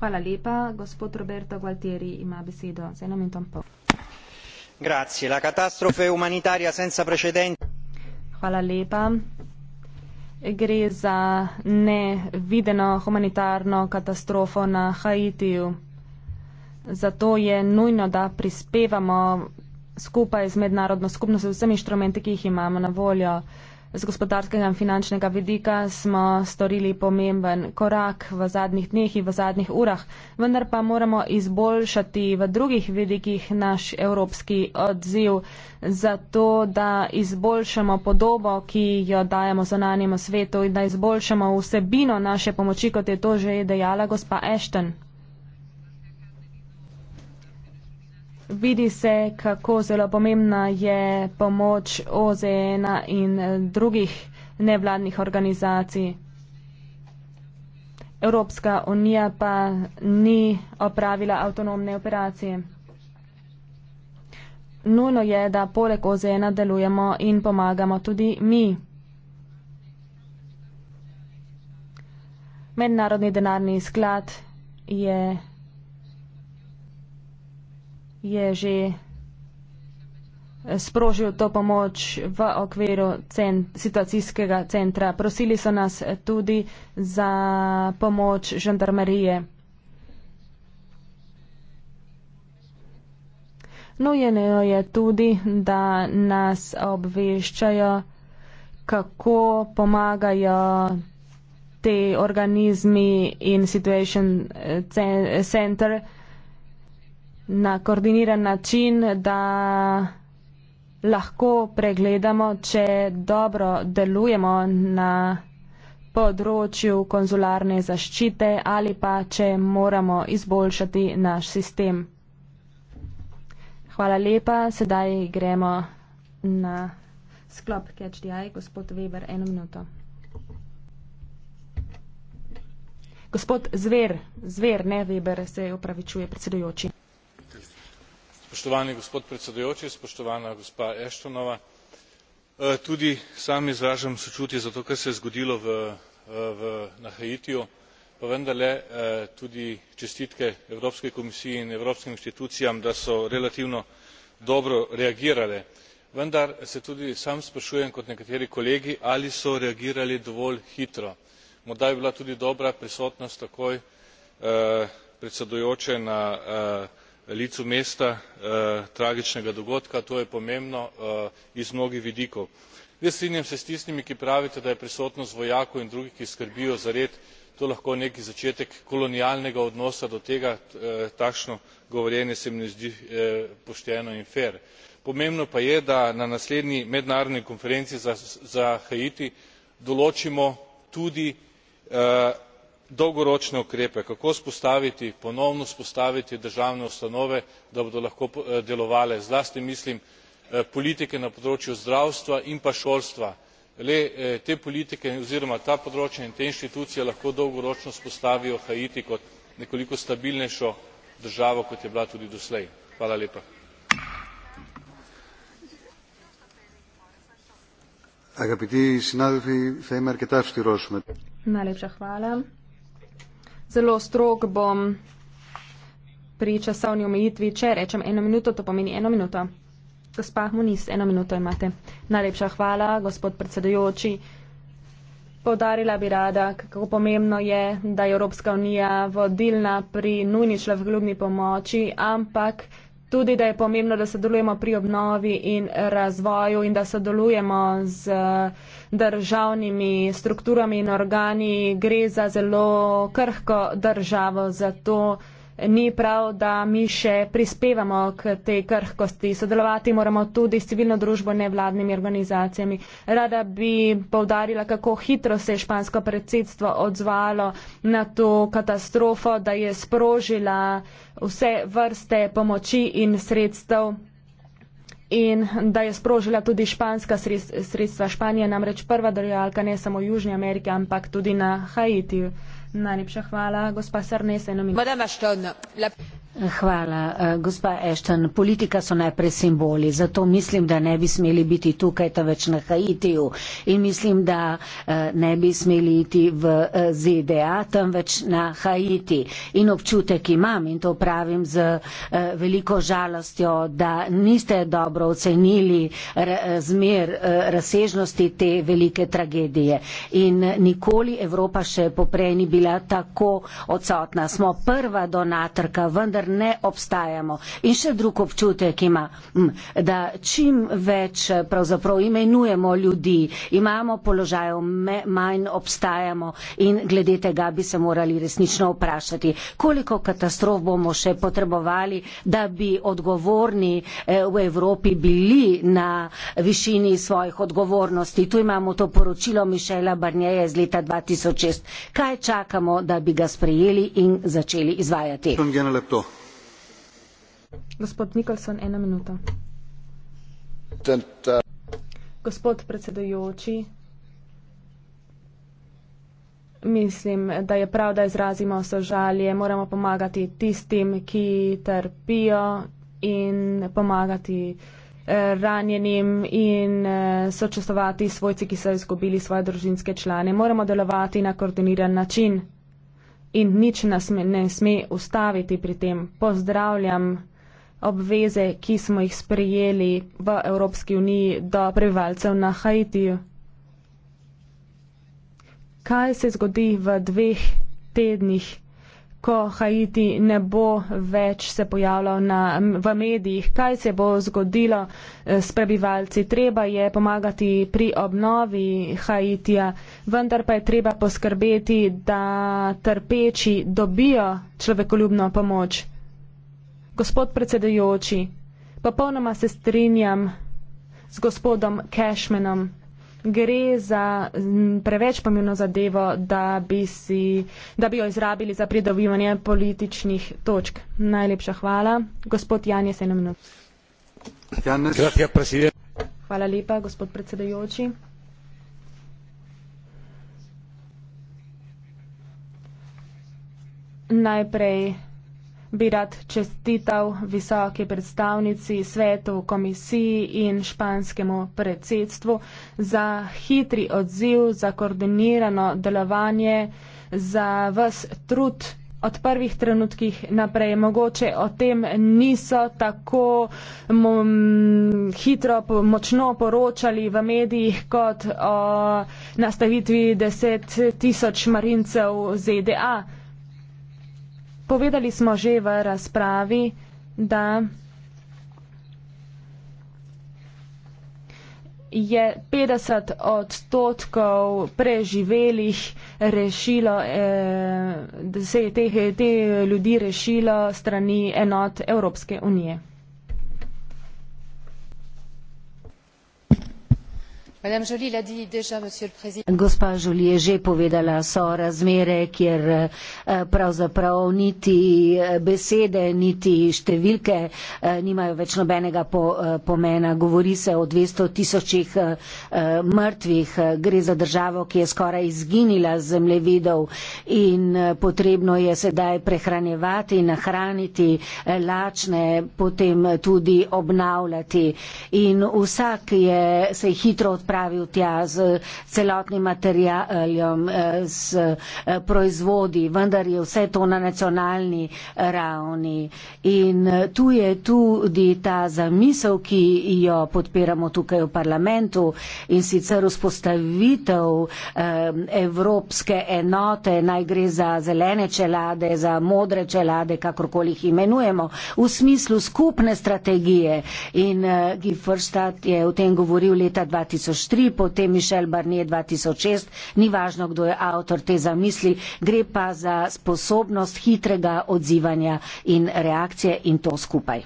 Hvala lepa. Gospod Roberto Gualtieri ima besedo. Z eno minuto in pol. Grazie. La catastrofe umanitaria senza precedenti. Hvala lepa. Gre za nevideno humanitarno katastrofo na Haitiju. Zato je nujno, da prispevamo skupaj z mednarodno skupnostjo, z vsemi inštrumenti, ki jih imamo na voljo, z gospodarskega in finančnega vidika, smo storili pomemben korak v zadnjih dneh in v zadnjih urah, vendar pa moramo izboljšati v drugih vidikih naš evropski odziv, zato da izboljšamo podobo, ki jo dajemo zonanjemu svetu in da izboljšamo vsebino naše pomoči, kot je to že dejala gospa Ashton. Vidi se, kako zelo pomembna je pomoč OZN in eh, drugih nevladnih organizacij. Evropska unija pa ni opravila avtonomne operacije. Nujno je, da poleg OZN delujemo in pomagamo tudi mi. Mednarodni denarni sklad je je že sprožil to pomoč v okviru cen, situacijskega centra. Prosili so nas tudi za pomoč žandarmerije. Nujeno je tudi, da nas obveščajo, kako pomagajo te organizmi in Situation Center na koordiniran način, da lahko pregledamo, če dobro delujemo na področju konzularne zaščite ali pa če moramo izboljšati naš sistem. Hvala lepa, sedaj gremo na sklop CatchDI. Gospod Weber, eno minuto. Gospod Zver, Zver, ne Weber, se opravičuje predsedujoči spoštovani gospod predsedujoči spoštovana gospa ashtonova eh, tudi sam izražam sočutje za to kar se je zgodilo eh, na haitiju pa vendarle eh, tudi čestitke evropski komisiji in evropskim inštitucijam da so relativno dobro reagirale vendar se tudi sam sprašujem kot nekateri kolegi ali so reagirali dovolj hitro morda bi bila tudi dobra prisotnost takoj predsedujoče na licu mesta eh, tragičnega dogodka to je pomembno eh, iz mnogih vidikov. jaz strinjam se s tistimi ki pravite da je prisotnost vojakov in drugih ki skrbijo za red to lahko nek začetek kolonialnega odnosa do tega eh, takšno govorjenje se mi ne zdi pošteno in fer. pomembno pa je da na naslednji mednarodni konferenci za haiti določimo tudi dolgoročne ukrepe kako vzpostaviti ponovno vzpostaviti državne ustanove da bodo lahko eh, delovale zlasti mislim eh, politike na področju zdravstva in pa šolstva le eh, te politike oziroma ta področja in te inštitucije lahko dolgoročno vzpostavijo haiti kot nekoliko stabilnejšo državo kot je bila tudi doslej zelo strog bom pri časovni omejitvi. Če rečem eno minuto, to pomeni eno minuto. Gospa Muniz, eno minuto imate. Najlepša hvala, gospod predsedujoči. Podarila bi rada, kako pomembno je, da je Evropska unija vodilna pri nujni človeklubni pomoči, ampak tudi, da je pomembno, da sodelujemo pri obnovi in razvoju in da sodelujemo z državnimi strukturami in organi. Gre za zelo krhko državo, zato ni prav, da mi še prispevamo k tej krhkosti. Sodelovati moramo tudi s civilno družbo nevladnimi organizacijami. Rada bi povdarila, kako hitro se je špansko predsedstvo odzvalo na to katastrofo, da je sprožila vse vrste pomoči in sredstev in da je sprožila tudi španska sredstva. Španija je namreč prva darjalka ne samo v Južni Ameriki, ampak tudi na Haitiju. Najlepša hvala, gospa Sarnese. Hvala. Eh, gospa Ešten, politika so najprej simboli, zato mislim, da ne bi smeli biti tukaj, ta več na Haitiju. In mislim, da eh, ne bi smeli iti v eh, ZDA, temveč na Haiti. In občutek imam, in to pravim z veliko žalostjo, da niste dobro ocenili zmer razsežnosti te velike tragedije. In nikoli Evropa še poprej ni bila tako odsotna. Smo prva donatrka, vendar ne obstajamo. In še drug občutek ima, mm, da čim več eh, pravzaprav imenujemo ljudi, imamo položajev, manj obstajamo in glede tega bi se morali resnično vprašati, koliko katastrof bomo še potrebovali, da bi odgovorni eh, v Evropi bili na višini svojih odgovornosti. Tu imamo to poročilo Mišela Barnjeja iz leta 2006. Kaj čakamo, da bi ga sprejeli in začeli izvajati? Hvala. Gospod Nikolson, ena minuta. Tenta. Gospod predsedujoči, mislim, da je prav, da izrazimo sožalje, moramo pomagati tistim, ki trpijo in pomagati eh, ranjenim in eh, sočustovati svojci, ki so izgubili svoje družinske člane. Moramo delovati na koordiniran način in nič nas ne sme ustaviti pri tem. Pozdravljam obveze, ki smo jih sprejeli v Evropski uniji do prebivalcev na Haitiju. Kaj se zgodi v dveh tednih, ko Haiti ne bo več se pojavljal na, v medijih? Kaj se bo zgodilo eh, s prebivalci? Treba je pomagati pri obnovi Haitija, vendar pa je treba poskrbeti, da trpeči dobijo človekoljubno pomoč. Gospod predsedujoči, popolnoma se strinjam z gospodom Cashmanom. Gre za preveč pomembno zadevo, da bi, si, da bi jo izrabili za pridobivanje političnih točk. Najlepša hvala. Gospod Janje Senemno. Hvala lepa, gospod predsedujoči. Najprej bi rad čestital visoki predstavnici svetu, komisiji in španskemu predsedstvu za hitri odziv, za koordinirano delovanje, za vas trud od prvih trenutkih naprej. Mogoče o tem niso tako mm, hitro, močno poročali v medijih kot o nastavitvi 10 tisoč marincev ZDA povedali smo že v razpravi, da je 50 odstotkov preživelih rešilo, eh, da se je te, te ljudi rešilo strani enot Evropske unije. gospa žuli je že povedala so razmere kjer eh, pravzaprav niti eh, besede niti številke eh, nimajo več nobenega po, pomena govori se o dvesto tisočih mrtvih gre za državo ki je skoraj izginila z zemljevidov in potrebno je sedaj prehranjevati nahraniti lačne potem tudi obnavljati in vsak je se hitro odpravil pripravil tja z celotnim materialjem, z eh, eh, proizvodi, vendar je vse to na nacionalni eh, ravni. In tu je tudi ta zamisel, ki jo podpiramo tukaj v parlamentu in sicer vzpostavitev evropske enote, naj gre za zelene čelade, za modre čelade, kakorkoli jih imenujemo, v smislu skupne strategije. In Giffrstad je o tem govoril leta 2000 tri, potem Mišel Barnier 2006, ni važno, kdo je avtor te zamisli, gre pa za sposobnost hitrega odzivanja in reakcije in to skupaj.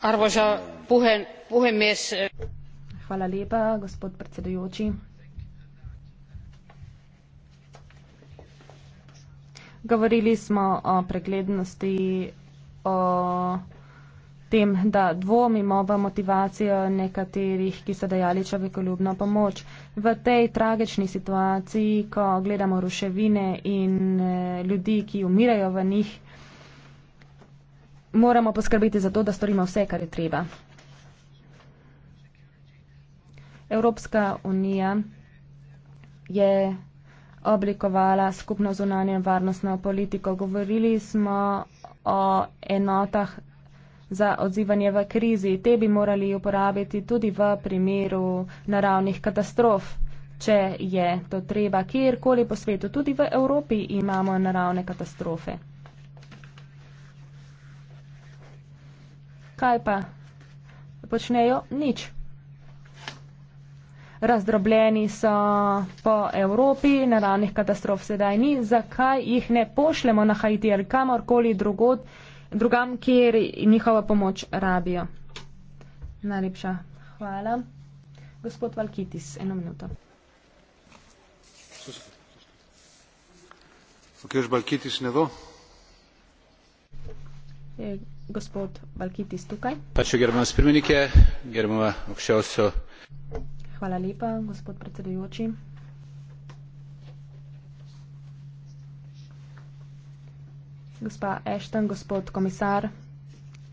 Arvoža, puhen, puhen Hvala lepa, gospod predsedujoči. Govorili smo o preglednosti, o tem, da dvomimo v motivacijo nekaterih, ki so dajali človekoljubno pomoč. V tej tragični situaciji, ko gledamo ruševine in eh, ljudi, ki umirajo v njih, moramo poskrbeti za to, da storimo vse, kar je treba. Evropska unija je oblikovala skupno zunanje varnostno politiko. Govorili smo o enotah za odzivanje v krizi. Te bi morali uporabiti tudi v primeru naravnih katastrof. Če je to treba, kjerkoli po svetu, tudi v Evropi imamo naravne katastrofe. Kaj pa počnejo? Nič. Razdrobljeni so po Evropi, naravnih katastrof sedaj ni. Zakaj jih ne pošljemo na Haiti ali kamorkoli drugod? drugam, kjer njihovo pomoč rabijo. Najlepša hvala. Gospod Valkitis, eno minuto. Kjerž Balkitis ne bo? Je gospod Balkitis tukaj? Pače, ker imamo spremenike, ker imamo obšel so. Hvala lepa, gospod predsedujoči. gospa Ashton, gospod komisar,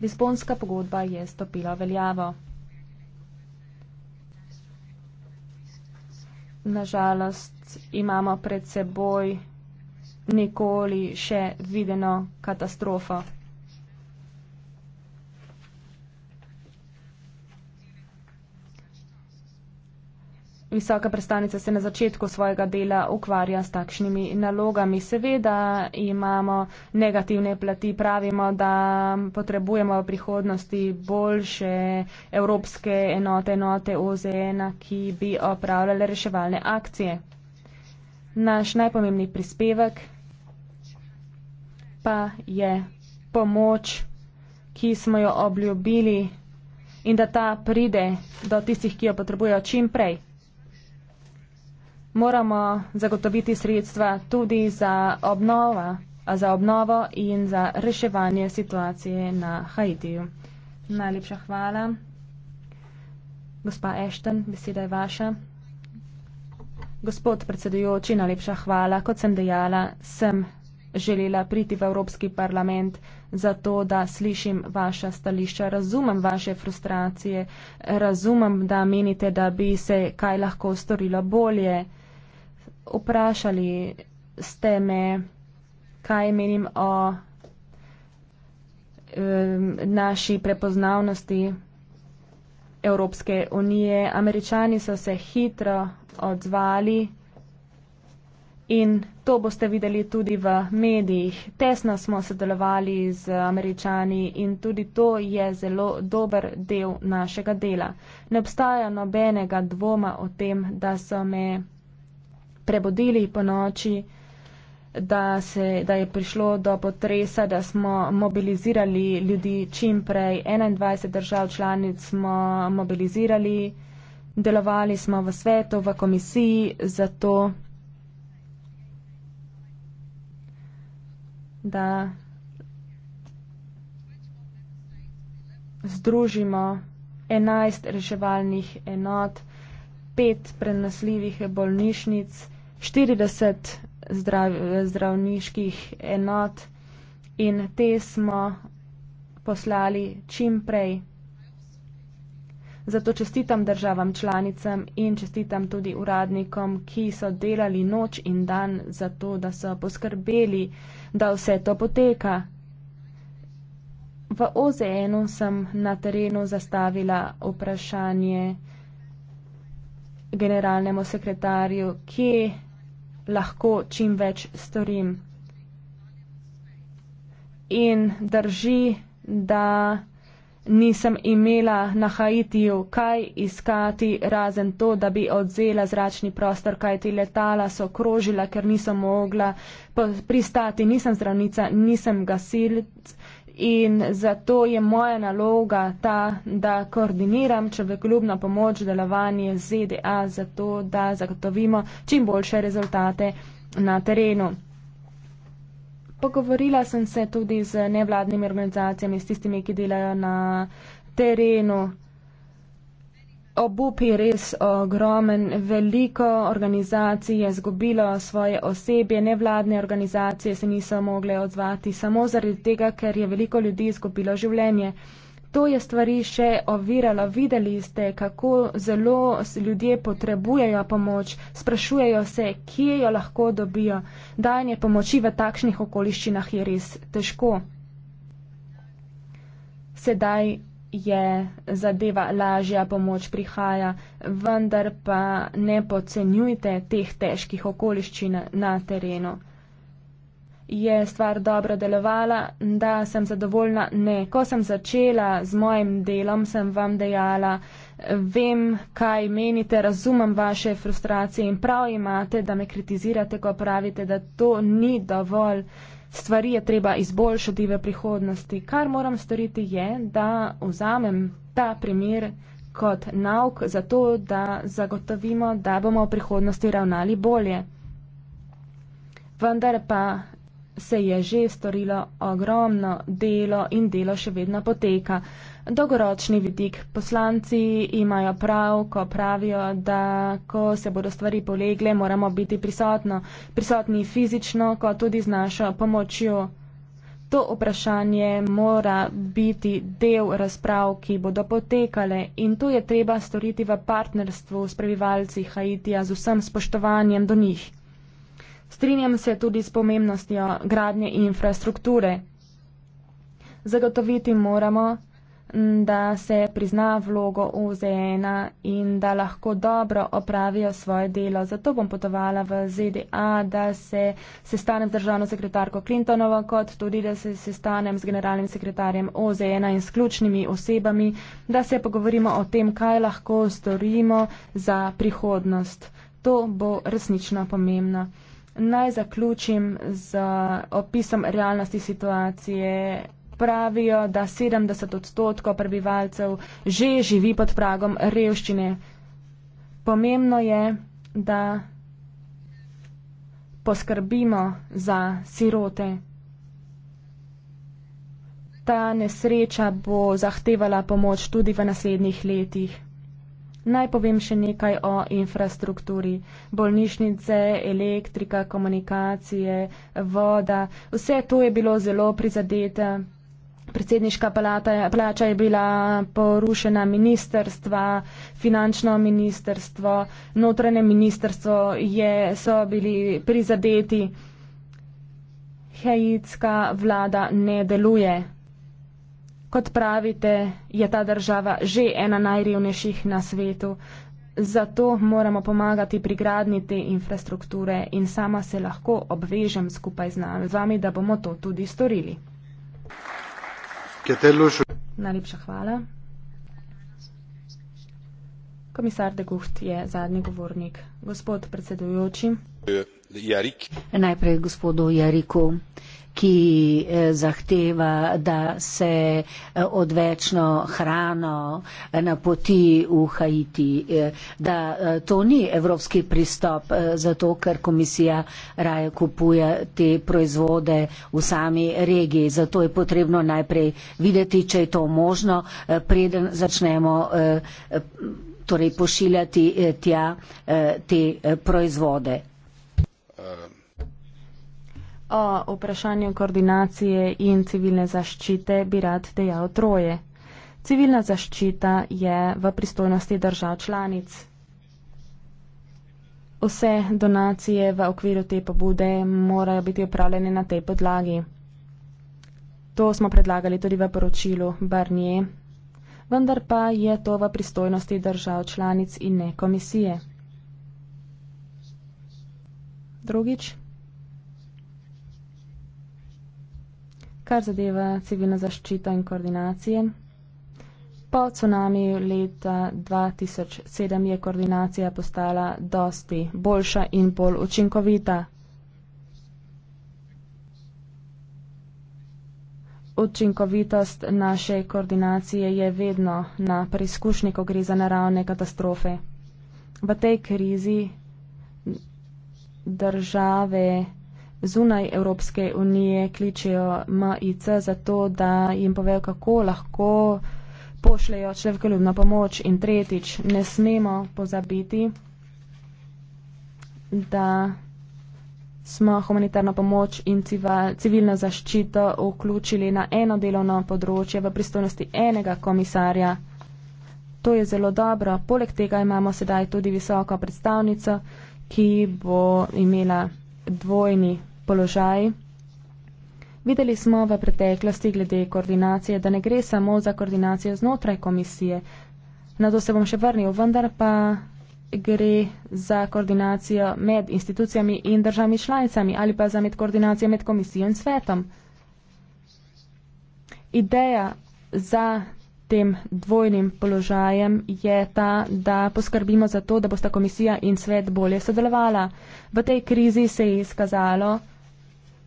Lisbonska pogodba je stopila veljavo. Nažalost imamo pred seboj nikoli še videno katastrofo. Visoka predstavnica se na začetku svojega dela ukvarja s takšnimi nalogami. Seveda imamo negativne plati, pravimo, da potrebujemo v prihodnosti boljše evropske enote, enote OZN, ki bi opravljale reševalne akcije. Naš najpomembni prispevek pa je pomoč, ki smo jo obljubili in da ta pride do tistih, ki jo potrebujejo čim prej moramo zagotoviti sredstva tudi za obnova, za obnovo in za reševanje situacije na Haitiju. Najlepša hvala. Gospa Ešten, beseda je vaša. Gospod predsedujoči, najlepša hvala. Kot sem dejala, sem želela priti v Evropski parlament zato, da slišim vaša stališča. Razumem vaše frustracije, razumem, da menite, da bi se kaj lahko storilo bolje vprašali ste me, kaj menim o e, naši prepoznavnosti Evropske unije. Američani so se hitro odzvali in to boste videli tudi v medijih. Tesno smo sodelovali z američani in tudi to je zelo dober del našega dela. Ne obstaja nobenega dvoma o tem, da so me prebudili po noči, da, se, da je prišlo do potresa, da smo mobilizirali ljudi čim prej. 21 držav članic smo mobilizirali, delovali smo v svetu, v komisiji za to, da združimo 11 reševalnih enot, 5 prenosljivih bolnišnic, 40 zdrav, zdravniških enot in te smo poslali čim prej. Zato čestitam državam članicam in čestitam tudi uradnikom, ki so delali noč in dan za to, da so poskrbeli, da vse to poteka. V OZN-u sem na terenu zastavila vprašanje generalnemu sekretarju, kje lahko čim več storim. In drži, da nisem imela na Haitiju kaj iskati, razen to, da bi odzela zračni prostor, kaj ti letala so krožila, ker nisem mogla pristati. Nisem zdravnica, nisem gasilc, In zato je moja naloga ta, da koordiniram človekoljubno pomoč delovanje ZDA, zato da zagotovimo čim boljše rezultate na terenu. Pogovorila sem se tudi z nevladnimi organizacijami, s tistimi, ki delajo na terenu, Obup je res ogromen, veliko organizacij je zgubilo svoje osebje, nevladne organizacije se niso mogle odzvati samo zaradi tega, ker je veliko ljudi izgubilo življenje. To je stvari še oviralo. Videli ste, kako zelo ljudje potrebujejo pomoč, sprašujejo se, kje jo lahko dobijo. Dajanje pomoči v takšnih okoliščinah je res težko. Sedaj je zadeva lažja, pomoč prihaja, vendar pa ne podcenjujte teh težkih okoliščin na terenu. Je stvar dobro delovala, da sem zadovoljna? Ne. Ko sem začela z mojim delom, sem vam dejala, vem, kaj menite, razumem vaše frustracije in prav imate, da me kritizirate, ko pravite, da to ni dovolj stvari je treba izboljšati v prihodnosti. Kar moram storiti je, da vzamem ta primer kot nauk za to, da zagotovimo, da bomo v prihodnosti ravnali bolje. Vendar pa se je že storilo ogromno delo in delo še vedno poteka dolgoročni vidik. Poslanci imajo prav, ko pravijo, da ko se bodo stvari polegle, moramo biti prisotno, prisotni fizično, kot tudi z našo pomočjo. To vprašanje mora biti del razprav, ki bodo potekale in to je treba storiti v partnerstvu s prebivalci Haitija z vsem spoštovanjem do njih. Strinjam se tudi s pomembnostjo gradnje infrastrukture. Zagotoviti moramo, da se prizna vlogo UZN in da lahko dobro opravijo svoje delo. Zato bom potovala v ZDA, da se sestanem z državno sekretarko Clintonovo, kot tudi, da se sestanem z generalnim sekretarjem UZN in s ključnimi osebami, da se pogovorimo o tem, kaj lahko storimo za prihodnost. To bo resnično pomembno. Naj zaključim z opisom realnosti situacije pravijo, da 70 odstotkov prebivalcev že živi pod pragom revščine. Pomembno je, da poskrbimo za sirote. Ta nesreča bo zahtevala pomoč tudi v naslednjih letih. Naj povem še nekaj o infrastrukturi. Bolnišnice, elektrika, komunikacije, voda, vse to je bilo zelo prizadete predsedniška plača je bila porušena, ministerstva, finančno ministerstvo, notranje ministerstvo je, so bili prizadeti. Haitska vlada ne deluje. Kot pravite, je ta država že ena najrevnejših na svetu. Zato moramo pomagati pri gradni te infrastrukture in sama se lahko obvežem skupaj z nami, da bomo to tudi storili. Najlepša hvala. Komisar de Gucht je zadnji govornik. Gospod predsedujoči. Jarik. Najprej gospodu Jariku ki eh, zahteva, da se eh, odvečno hrano eh, napoti v Haiti, da to ni evropski pristop, zato ker komisija raje kupuje te proizvode v sami regiji. Zato je potrebno najprej videti, če je to možno, preden začnemo torej pošiljati tja te proizvode. O vprašanju koordinacije in civilne zaščite bi rad dejal troje. Civilna zaščita je v pristojnosti držav članic. Vse donacije v okviru te pobude morajo biti upravljene na tej podlagi. To smo predlagali tudi v poročilu Barnier, vendar pa je to v pristojnosti držav članic in ne komisije. Drugič, kar zadeva civilno zaščito in koordinacije. Po tsunamiju leta 2007 je koordinacija postala dosti boljša in bolj učinkovita. Učinkovitost naše koordinacije je vedno na preizkušnji, ko gre za naravne katastrofe. V tej krizi države zunaj Evropske unije kličejo MIC za to, da jim povejo, kako lahko pošljajo človekoljubno pomoč in tretjič, ne smemo pozabiti, da smo humanitarno pomoč in civilno zaščito vključili na eno delovno področje v pristojnosti enega komisarja. To je zelo dobro. Poleg tega imamo sedaj tudi visoko predstavnico, ki bo imela dvojni položaj. Videli smo v preteklosti glede koordinacije, da ne gre samo za koordinacijo znotraj komisije. Na to se bom še vrnil, vendar pa gre za koordinacijo med institucijami in državami članicami ali pa za med koordinacijo med komisijo in svetom. Ideja za tem dvojnim položajem je ta, da poskrbimo za to, da bosta komisija in svet bolje sodelovala. V tej krizi se je izkazalo,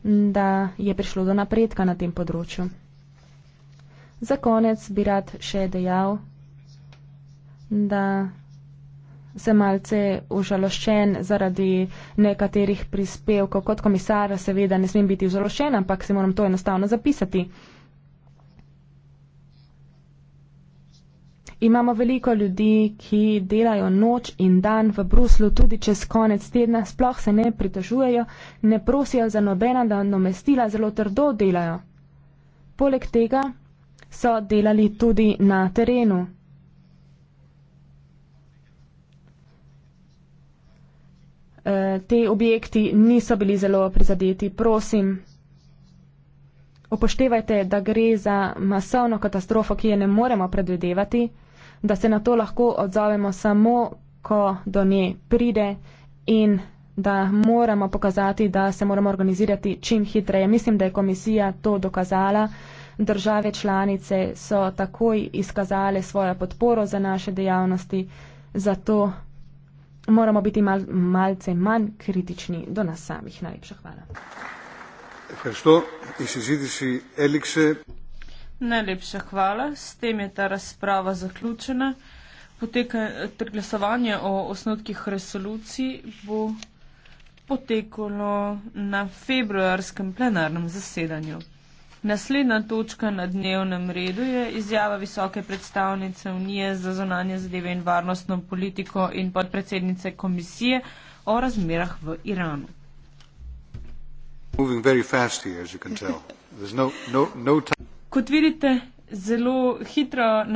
da je prišlo do napredka na tem področju. Za konec bi rad še dejal, da sem malce užaloščen zaradi nekaterih prispevkov. Kot komisar seveda ne smem biti užaloščen, ampak se moram to enostavno zapisati. Imamo veliko ljudi, ki delajo noč in dan v Bruslu, tudi čez konec tedna, sploh se ne pritožujejo, ne prosijo za nobena nadomestila, zelo trdo delajo. Poleg tega so delali tudi na terenu. E, te objekti niso bili zelo prizadeti, prosim. Upoštevajte, da gre za masovno katastrofo, ki je ne moremo predvidevati da se na to lahko odzovemo samo, ko do nje pride in da moramo pokazati, da se moramo organizirati čim hitreje. Mislim, da je komisija to dokazala. Države članice so takoj izkazale svojo podporo za naše dejavnosti, zato moramo biti mal, malce manj kritični do nas samih. Najlepša hvala. Hrsto, Najlepša hvala. S tem je ta razprava zaključena. Poteka, ter glasovanje o osnotkih resolucij bo potekalo na februarskem plenarnem zasedanju. Naslednja točka na dnevnem redu je izjava visoke predstavnice Unije za zonanje zadeve in varnostno politiko in podpredsednice komisije o razmerah v Iranu. Moving very fast here, as you can tell. There's no, no, no time kot vidite, zelo hitro napreduje.